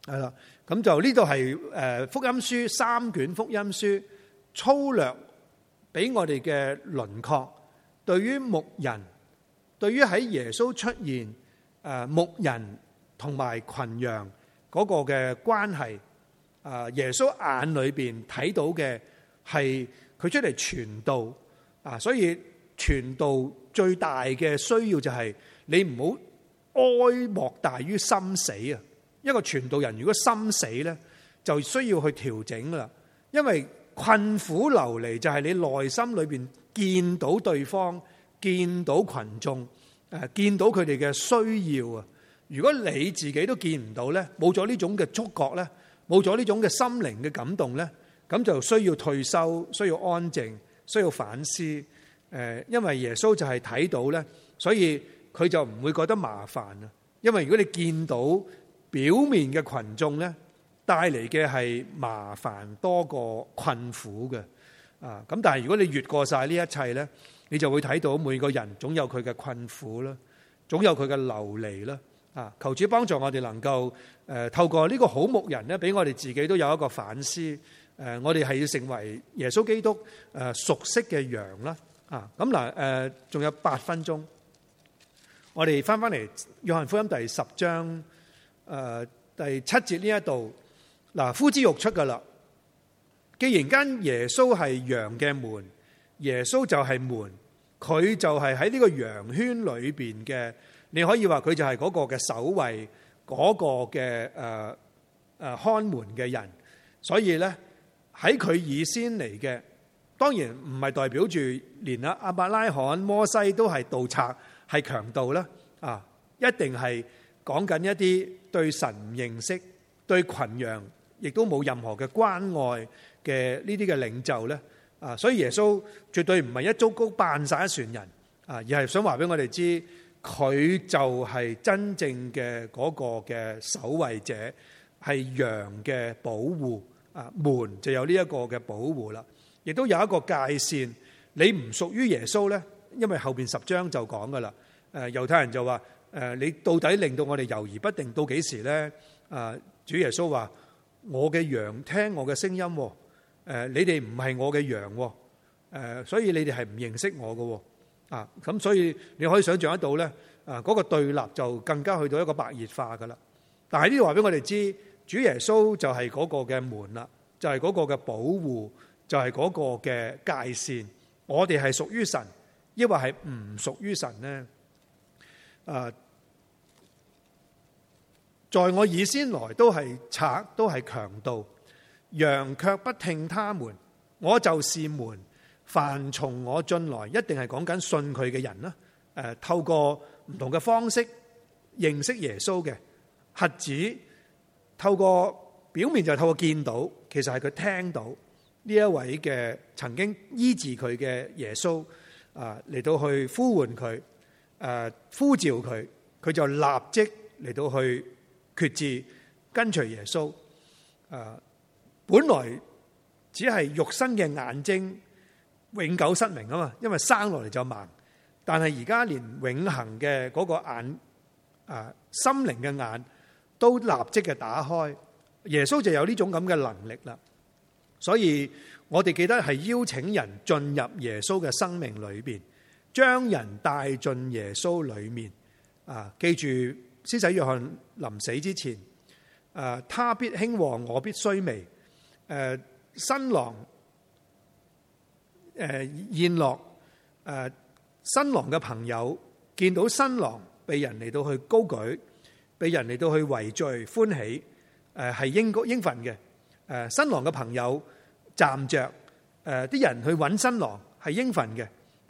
係啦，咁就呢度係誒福音書三卷福音書粗略俾我哋嘅輪廓，對於牧人，對於喺耶穌出現誒牧人同埋群羊嗰個嘅關係，耶穌眼裏邊睇到嘅係佢出嚟傳道啊，所以傳道最大嘅需要就係你唔好哀莫大於心死啊！一個傳道人如果心死呢，就需要去調整啦。因為困苦流離就係你內心裏邊見到對方、見到群眾、見到佢哋嘅需要啊。如果你自己都見唔到呢，冇咗呢種嘅觸覺呢，冇咗呢種嘅心靈嘅感動呢，咁就需要退休、需要安靜、需要反思。誒，因為耶穌就係睇到呢，所以佢就唔會覺得麻煩啊。因為如果你見到，表面嘅群眾咧，帶嚟嘅係麻煩多過困苦嘅，啊！咁但係如果你越過晒呢一切咧，你就會睇到每個人總有佢嘅困苦啦，總有佢嘅流離啦，啊！求主幫助我哋能夠誒透過呢個好牧人咧，俾我哋自己都有一個反思，誒我哋係要成為耶穌基督誒熟悉嘅羊啦，啊！咁嗱誒仲有八分鐘，我哋翻翻嚟約翰福音第十章。誒、呃、第七節呢一度，嗱，呼之欲出噶啦。既然間耶穌係羊嘅門，耶穌就係門，佢就係喺呢個羊圈裏邊嘅。你可以話佢就係嗰個嘅守衞，嗰、嗰個嘅誒誒看門嘅人。所以咧，喺佢以先嚟嘅，當然唔係代表住連阿伯拉罕、摩西都係盜賊、係強盜啦。啊，一定係。講緊一啲對神唔認識、對群羊亦都冇任何嘅關愛嘅呢啲嘅領袖咧，啊，所以耶穌絕對唔係一足高扮晒一船人啊，而係想話俾我哋知，佢就係真正嘅嗰個嘅守衛者，係羊嘅保護啊，門就有呢一個嘅保護啦，亦都有一個界線，你唔屬於耶穌咧，因為後邊十章就講噶啦，誒猶太人就話。你到底令到我哋猶豫不定到幾時呢？主耶穌話：我嘅羊聽我嘅聲音喎。你哋唔係我嘅羊喎。所以你哋係唔認識我嘅喎。啊，咁所以你可以想象得到呢，嗰個對立就更加去到一個白熱化㗎啦。但係呢度話俾我哋知，主耶穌就係嗰個嘅門啦，就係嗰個嘅保護，就係嗰個嘅界線。我哋係屬於神，抑或係唔屬於神呢？啊、呃！在我以先來都係賊，都係強盜。羊卻不聽他們，我就是門。凡從我進來，一定係講緊信佢嘅人啦。誒、呃，透過唔同嘅方式認識耶穌嘅核子，透過表面就係透過見到，其實係佢聽到呢一位嘅曾經醫治佢嘅耶穌啊，嚟、呃、到去呼喚佢。誒，呼召佢，佢就立即嚟到去決志跟隨耶穌。誒，本來只係肉身嘅眼睛永久失明啊嘛，因為生落嚟就盲。但係而家連永恆嘅嗰個眼，誒，心靈嘅眼都立即嘅打開。耶穌就有呢種咁嘅能力啦。所以我哋記得係邀請人進入耶穌嘅生命裏邊。將人帶進耶穌裏面啊！記住，施洗約翰臨死之前，誒，他必興旺，我必衰微。誒，新郎，誒，宴樂，誒，新郎嘅朋友見到新郎被人嚟到去高舉，被人嚟到去圍聚歡喜，誒，係應應份嘅。誒，新郎嘅朋友站着，誒，啲人去揾新郎，係應份嘅。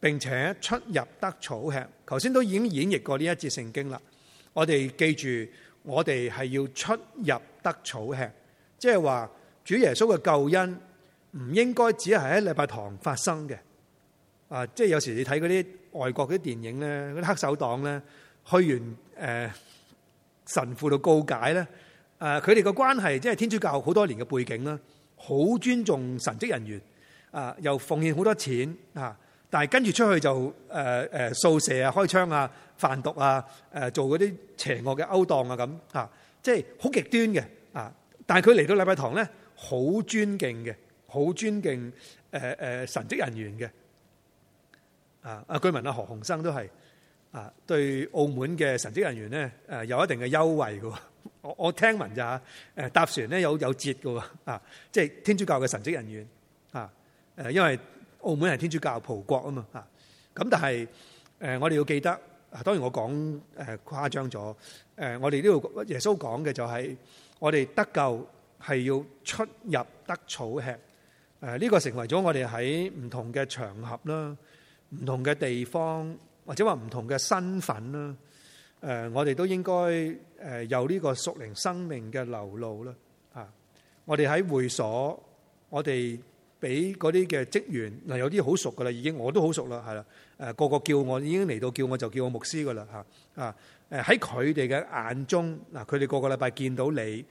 並且出入得草吃，頭先都已經演譯演繹過呢一節聖經啦。我哋記住，我哋係要出入得草吃，即係話主耶穌嘅救恩唔應該只係喺禮拜堂發生嘅。啊，即係有時你睇嗰啲外國嗰啲電影咧，啲黑手黨咧去完誒、呃、神父度告解咧，誒佢哋嘅關係即係天主教好多年嘅背景啦，好尊重神職人員，啊又奉獻好多錢啊。但係跟住出去就誒誒掃射啊、開槍啊、販毒啊、誒做嗰啲邪惡嘅勾當啊咁啊，即係好極端嘅啊！但係佢嚟到禮拜堂咧，好尊敬嘅，好尊敬誒誒神職人員嘅啊！阿居民阿何鴻燊都係啊，對澳門嘅神職人員咧誒有一定嘅優惠嘅。我我聽聞咋誒搭船咧有有折嘅喎啊！即係天主教嘅神職人員啊誒，因為。澳門係天主教葡國啊嘛嚇。咁但係誒我哋要記得，當然我講誒誇張咗，誒我哋呢度耶穌講嘅就係我哋得救係要出入得草吃，誒呢個成為咗我哋喺唔同嘅場合啦、唔同嘅地方或者話唔同嘅身份啦，誒我哋都應該誒有呢個屬靈生命嘅流露啦嚇，我哋喺會所，我哋。俾嗰啲嘅職員嗱，有啲好熟噶啦，已經我都好熟啦，係啦，誒個個叫我已經嚟到叫我就叫我牧師噶啦嚇啊！誒喺佢哋嘅眼中嗱，佢哋個個禮拜見到你，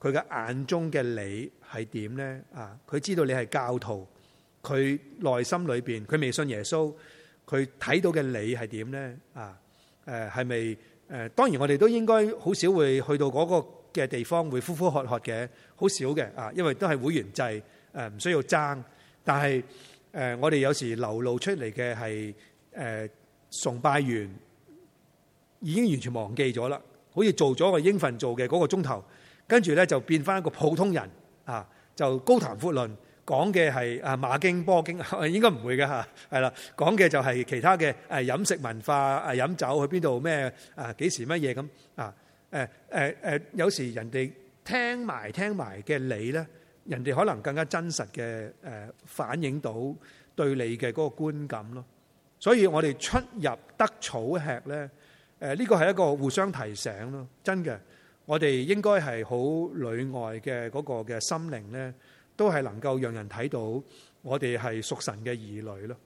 佢嘅眼中嘅你係點咧啊？佢知道你係教徒，佢內心裏邊佢未信耶穌，佢睇到嘅你係點咧啊？誒係咪誒？當然我哋都應該好少會去到嗰個嘅地方會呼呼喝喝嘅，好少嘅啊，因為都係會員制。誒唔需要爭，但係誒我哋有時流露出嚟嘅係誒崇拜完已經完全忘記咗啦，好似做咗個應份做嘅嗰個鐘頭，跟住咧就變返一個普通人啊，就高談闊論講嘅係啊馬經波經應該唔會嘅吓係啦，講嘅就係其他嘅誒飲食文化啊飲酒去邊度咩啊幾時乜嘢咁啊誒誒誒有時人哋聽埋聽埋嘅你咧。人哋可能更加真實嘅誒反映到對你嘅嗰個觀感咯，所以我哋出入得草吃呢，誒呢個係一個互相提醒咯，真嘅，我哋應該係好裏外嘅嗰個嘅心靈呢，都係能夠讓人睇到我哋係屬神嘅兒女咯。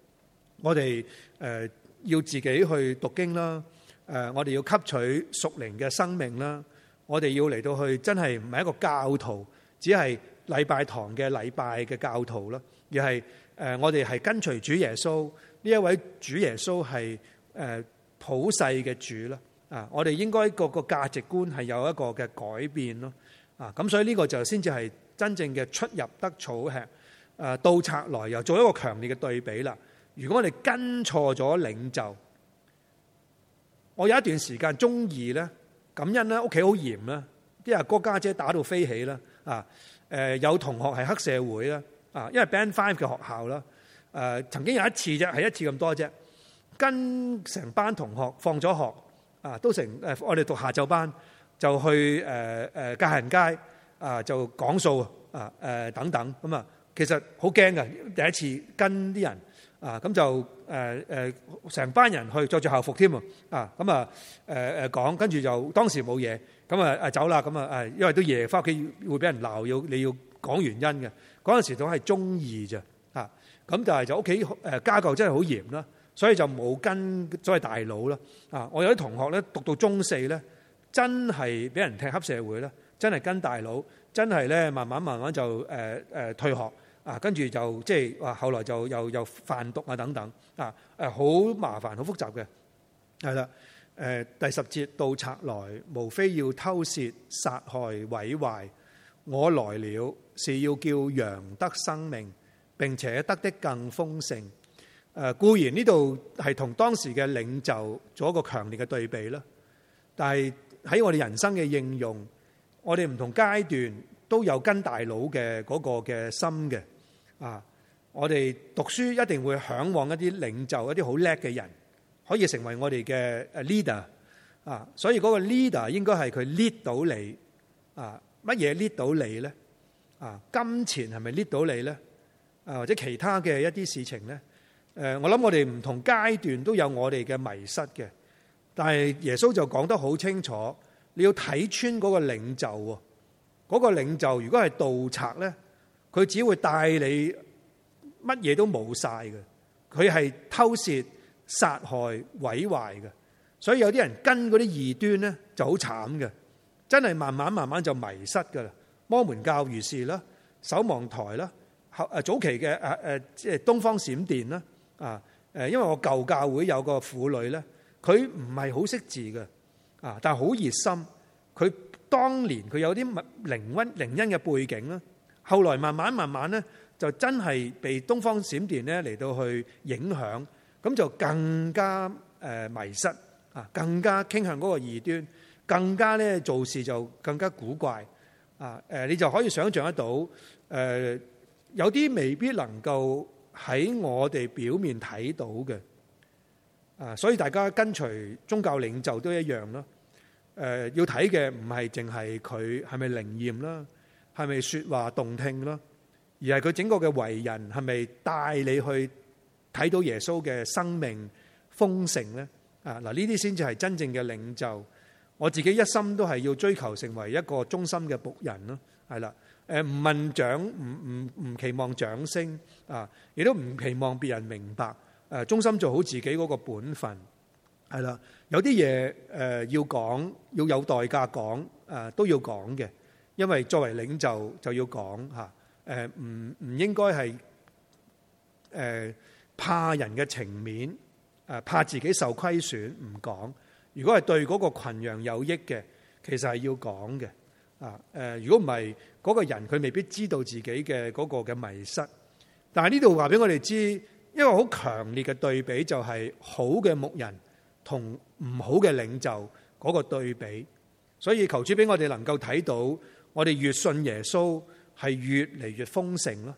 我哋誒要自己去讀經啦，誒我哋要吸取屬靈嘅生命啦，我哋要嚟到去真係唔係一個教徒，只係禮拜堂嘅禮拜嘅教徒咯，而係誒，我哋係跟隨主耶穌呢一位主耶穌係誒普世嘅主啦啊！我哋應該個個價值觀係有一個嘅改變咯啊！咁所以呢個就先至係真正嘅出入得草吃誒，到拆來又做一個強烈嘅對比啦。如果我哋跟錯咗領袖，我有一段時間中意咧，感恩咧，屋企好嚴啦，啲阿哥家姐，姐打到飛起啦啊！誒有同學係黑社會啦，啊，因為 band five 嘅學校啦，誒曾經有一次啫，係一次咁多啫，跟成班同學放咗學，啊，都成誒，我哋讀下晝班就去誒誒界限街啊，就講數啊，誒等等咁啊，其實好驚㗎，第一次跟啲人啊，咁就誒誒成班人去着住校服添喎，啊，咁啊誒誒講，跟住就當時冇嘢。咁啊啊走啦！咁啊誒，因為都夜翻屋企，要會俾人鬧，要你要講原因嘅。嗰陣時都係中二咋，啊！咁但係就屋企誒家教真係好嚴啦，所以就冇跟所謂大佬啦。啊，我有啲同學咧讀到中四咧，真係俾人踢黑社會咧，真係跟大佬，真係咧慢慢慢慢就誒誒退學啊，跟住就即係話後來就又又販毒啊等等啊誒，好麻煩，好複雜嘅，係啦。誒第十節，盜賊來，無非要偷竊、殺害、毀壞。我來了，是要叫羊得生命，並且得的更豐盛。誒、呃，固然呢度係同當時嘅領袖做一個強烈嘅對比啦，但係喺我哋人生嘅應用，我哋唔同階段都有跟大佬嘅嗰個嘅心嘅。啊，我哋讀書一定會嚮往一啲領袖、一啲好叻嘅人。可以成為我哋嘅 leader 啊，所以嗰個 leader 應該係佢 lead 到你啊，乜嘢 lead 到你咧？啊，金錢係咪 lead 到你咧？啊，或者其他嘅一啲事情咧？誒，我諗我哋唔同階段都有我哋嘅迷失嘅，但係耶穌就講得好清楚，你要睇穿嗰個領袖喎，嗰個領袖如果係盜賊咧，佢只會帶你乜嘢都冇晒嘅，佢係偷竊。殺害毀壞嘅，所以有啲人跟嗰啲異端咧就好慘嘅，真係慢慢慢慢就迷失噶啦。摩門教如是啦，守望台啦，後誒早期嘅誒誒即係東方閃電啦，啊誒，因為我舊教會有個婦女咧，佢唔係好識字嘅，啊，但係好熱心。佢當年佢有啲物靈溫靈恩嘅背景啦，後來慢慢慢慢咧就真係被東方閃電咧嚟到去影響。咁就更加誒迷失啊，更加傾向嗰個異端，更加咧做事就更加古怪啊！誒，你就可以想象得到，誒有啲未必能夠喺我哋表面睇到嘅啊，所以大家跟隨宗教領袖都一樣咯。誒，要睇嘅唔係淨係佢係咪靈驗啦，係咪説話動聽啦，而係佢整個嘅為人係咪帶你去？睇到耶穌嘅生命豐盛咧啊嗱，呢啲先至係真正嘅領袖。我自己一心都係要追求成為一個忠心嘅僕人咯，係啦。誒，唔問掌，唔唔唔期望掌聲啊，亦都唔期望別人明白。誒，忠心做好自己嗰個本分係啦。有啲嘢誒，要講，要有代價講誒都要講嘅，因為作為領袖就要講吓。誒唔唔應該係誒。怕人嘅情面，誒怕自己受虧損唔講。如果係對嗰個群羊有益嘅，其實係要講嘅。啊，誒，如果唔係嗰個人，佢未必知道自己嘅嗰個嘅迷失。但係呢度話俾我哋知，一個好強烈嘅對比就係好嘅牧人同唔好嘅領袖嗰個對比。所以求主俾我哋能夠睇到，我哋越信耶穌係越嚟越豐盛咯。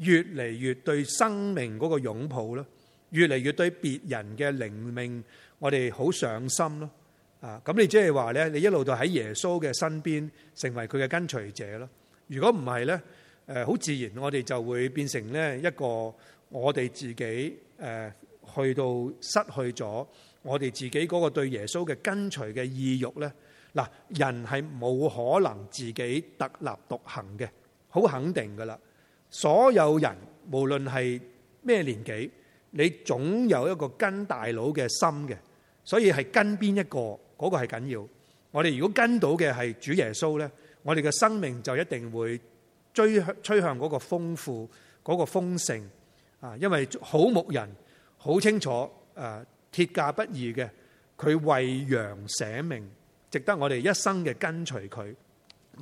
越嚟越對生命嗰個擁抱咯，越嚟越對別人嘅靈命，我哋好上心咯。啊，咁你即係話呢，你一路都喺耶穌嘅身邊，成為佢嘅跟隨者咯。如果唔係呢，誒，好自然我哋就會變成呢一個我哋自己誒，去到失去咗我哋自己嗰個對耶穌嘅跟隨嘅意欲呢。嗱，人係冇可能自己特立獨行嘅，好肯定噶啦。所有人無論係咩年紀，你總有一個跟大佬嘅心嘅，所以係跟邊一個嗰個係緊要。我哋如果跟到嘅係主耶穌呢，我哋嘅生命就一定會追趨向嗰個豐富、嗰個豐盛啊！因為好牧人好清楚誒，鐵價不移嘅，佢為羊捨命，值得我哋一生嘅跟隨佢，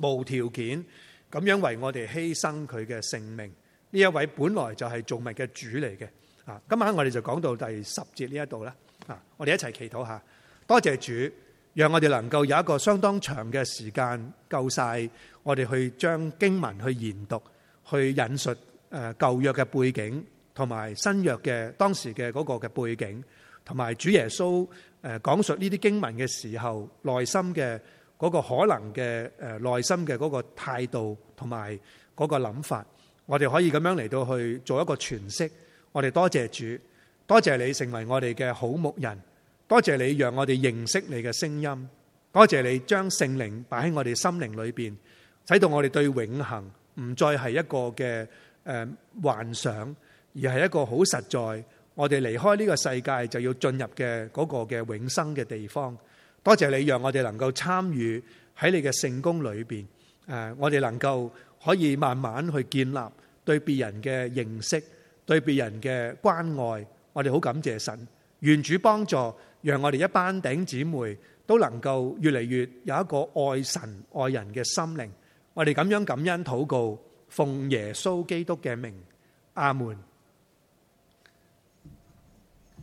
無條件。咁樣為我哋犧牲佢嘅性命，呢一位本來就係造物嘅主嚟嘅。啊，今晚我哋就講到第十節呢一度啦。啊，我哋一齊祈禱下。多謝主，讓我哋能夠有一個相當長嘅時間夠晒，我哋去將經文去研讀、去引述。誒，舊約嘅背景同埋新約嘅當時嘅嗰個嘅背景，同埋主耶穌誒講述呢啲經文嘅時候，內心嘅。嗰個可能嘅誒內心嘅嗰個態度同埋嗰個諗法，我哋可以咁樣嚟到去做一個詮釋。我哋多謝主，多謝你成為我哋嘅好牧人，多謝你讓我哋認識你嘅聲音，多謝你將聖靈擺喺我哋心靈裏邊，使到我哋對永恆唔再係一個嘅誒幻想，而係一個好實在。我哋離開呢個世界就要進入嘅嗰個嘅永生嘅地方。多謝你讓我哋能夠參與喺你嘅聖工裏邊，誒，我哋能夠可以慢慢去建立對別人嘅認識，對別人嘅關愛。我哋好感謝神，願主幫助讓我哋一班弟兄姊妹都能夠越嚟越有一個愛神愛人嘅心靈。我哋咁樣感恩禱告，奉耶穌基督嘅名，阿門。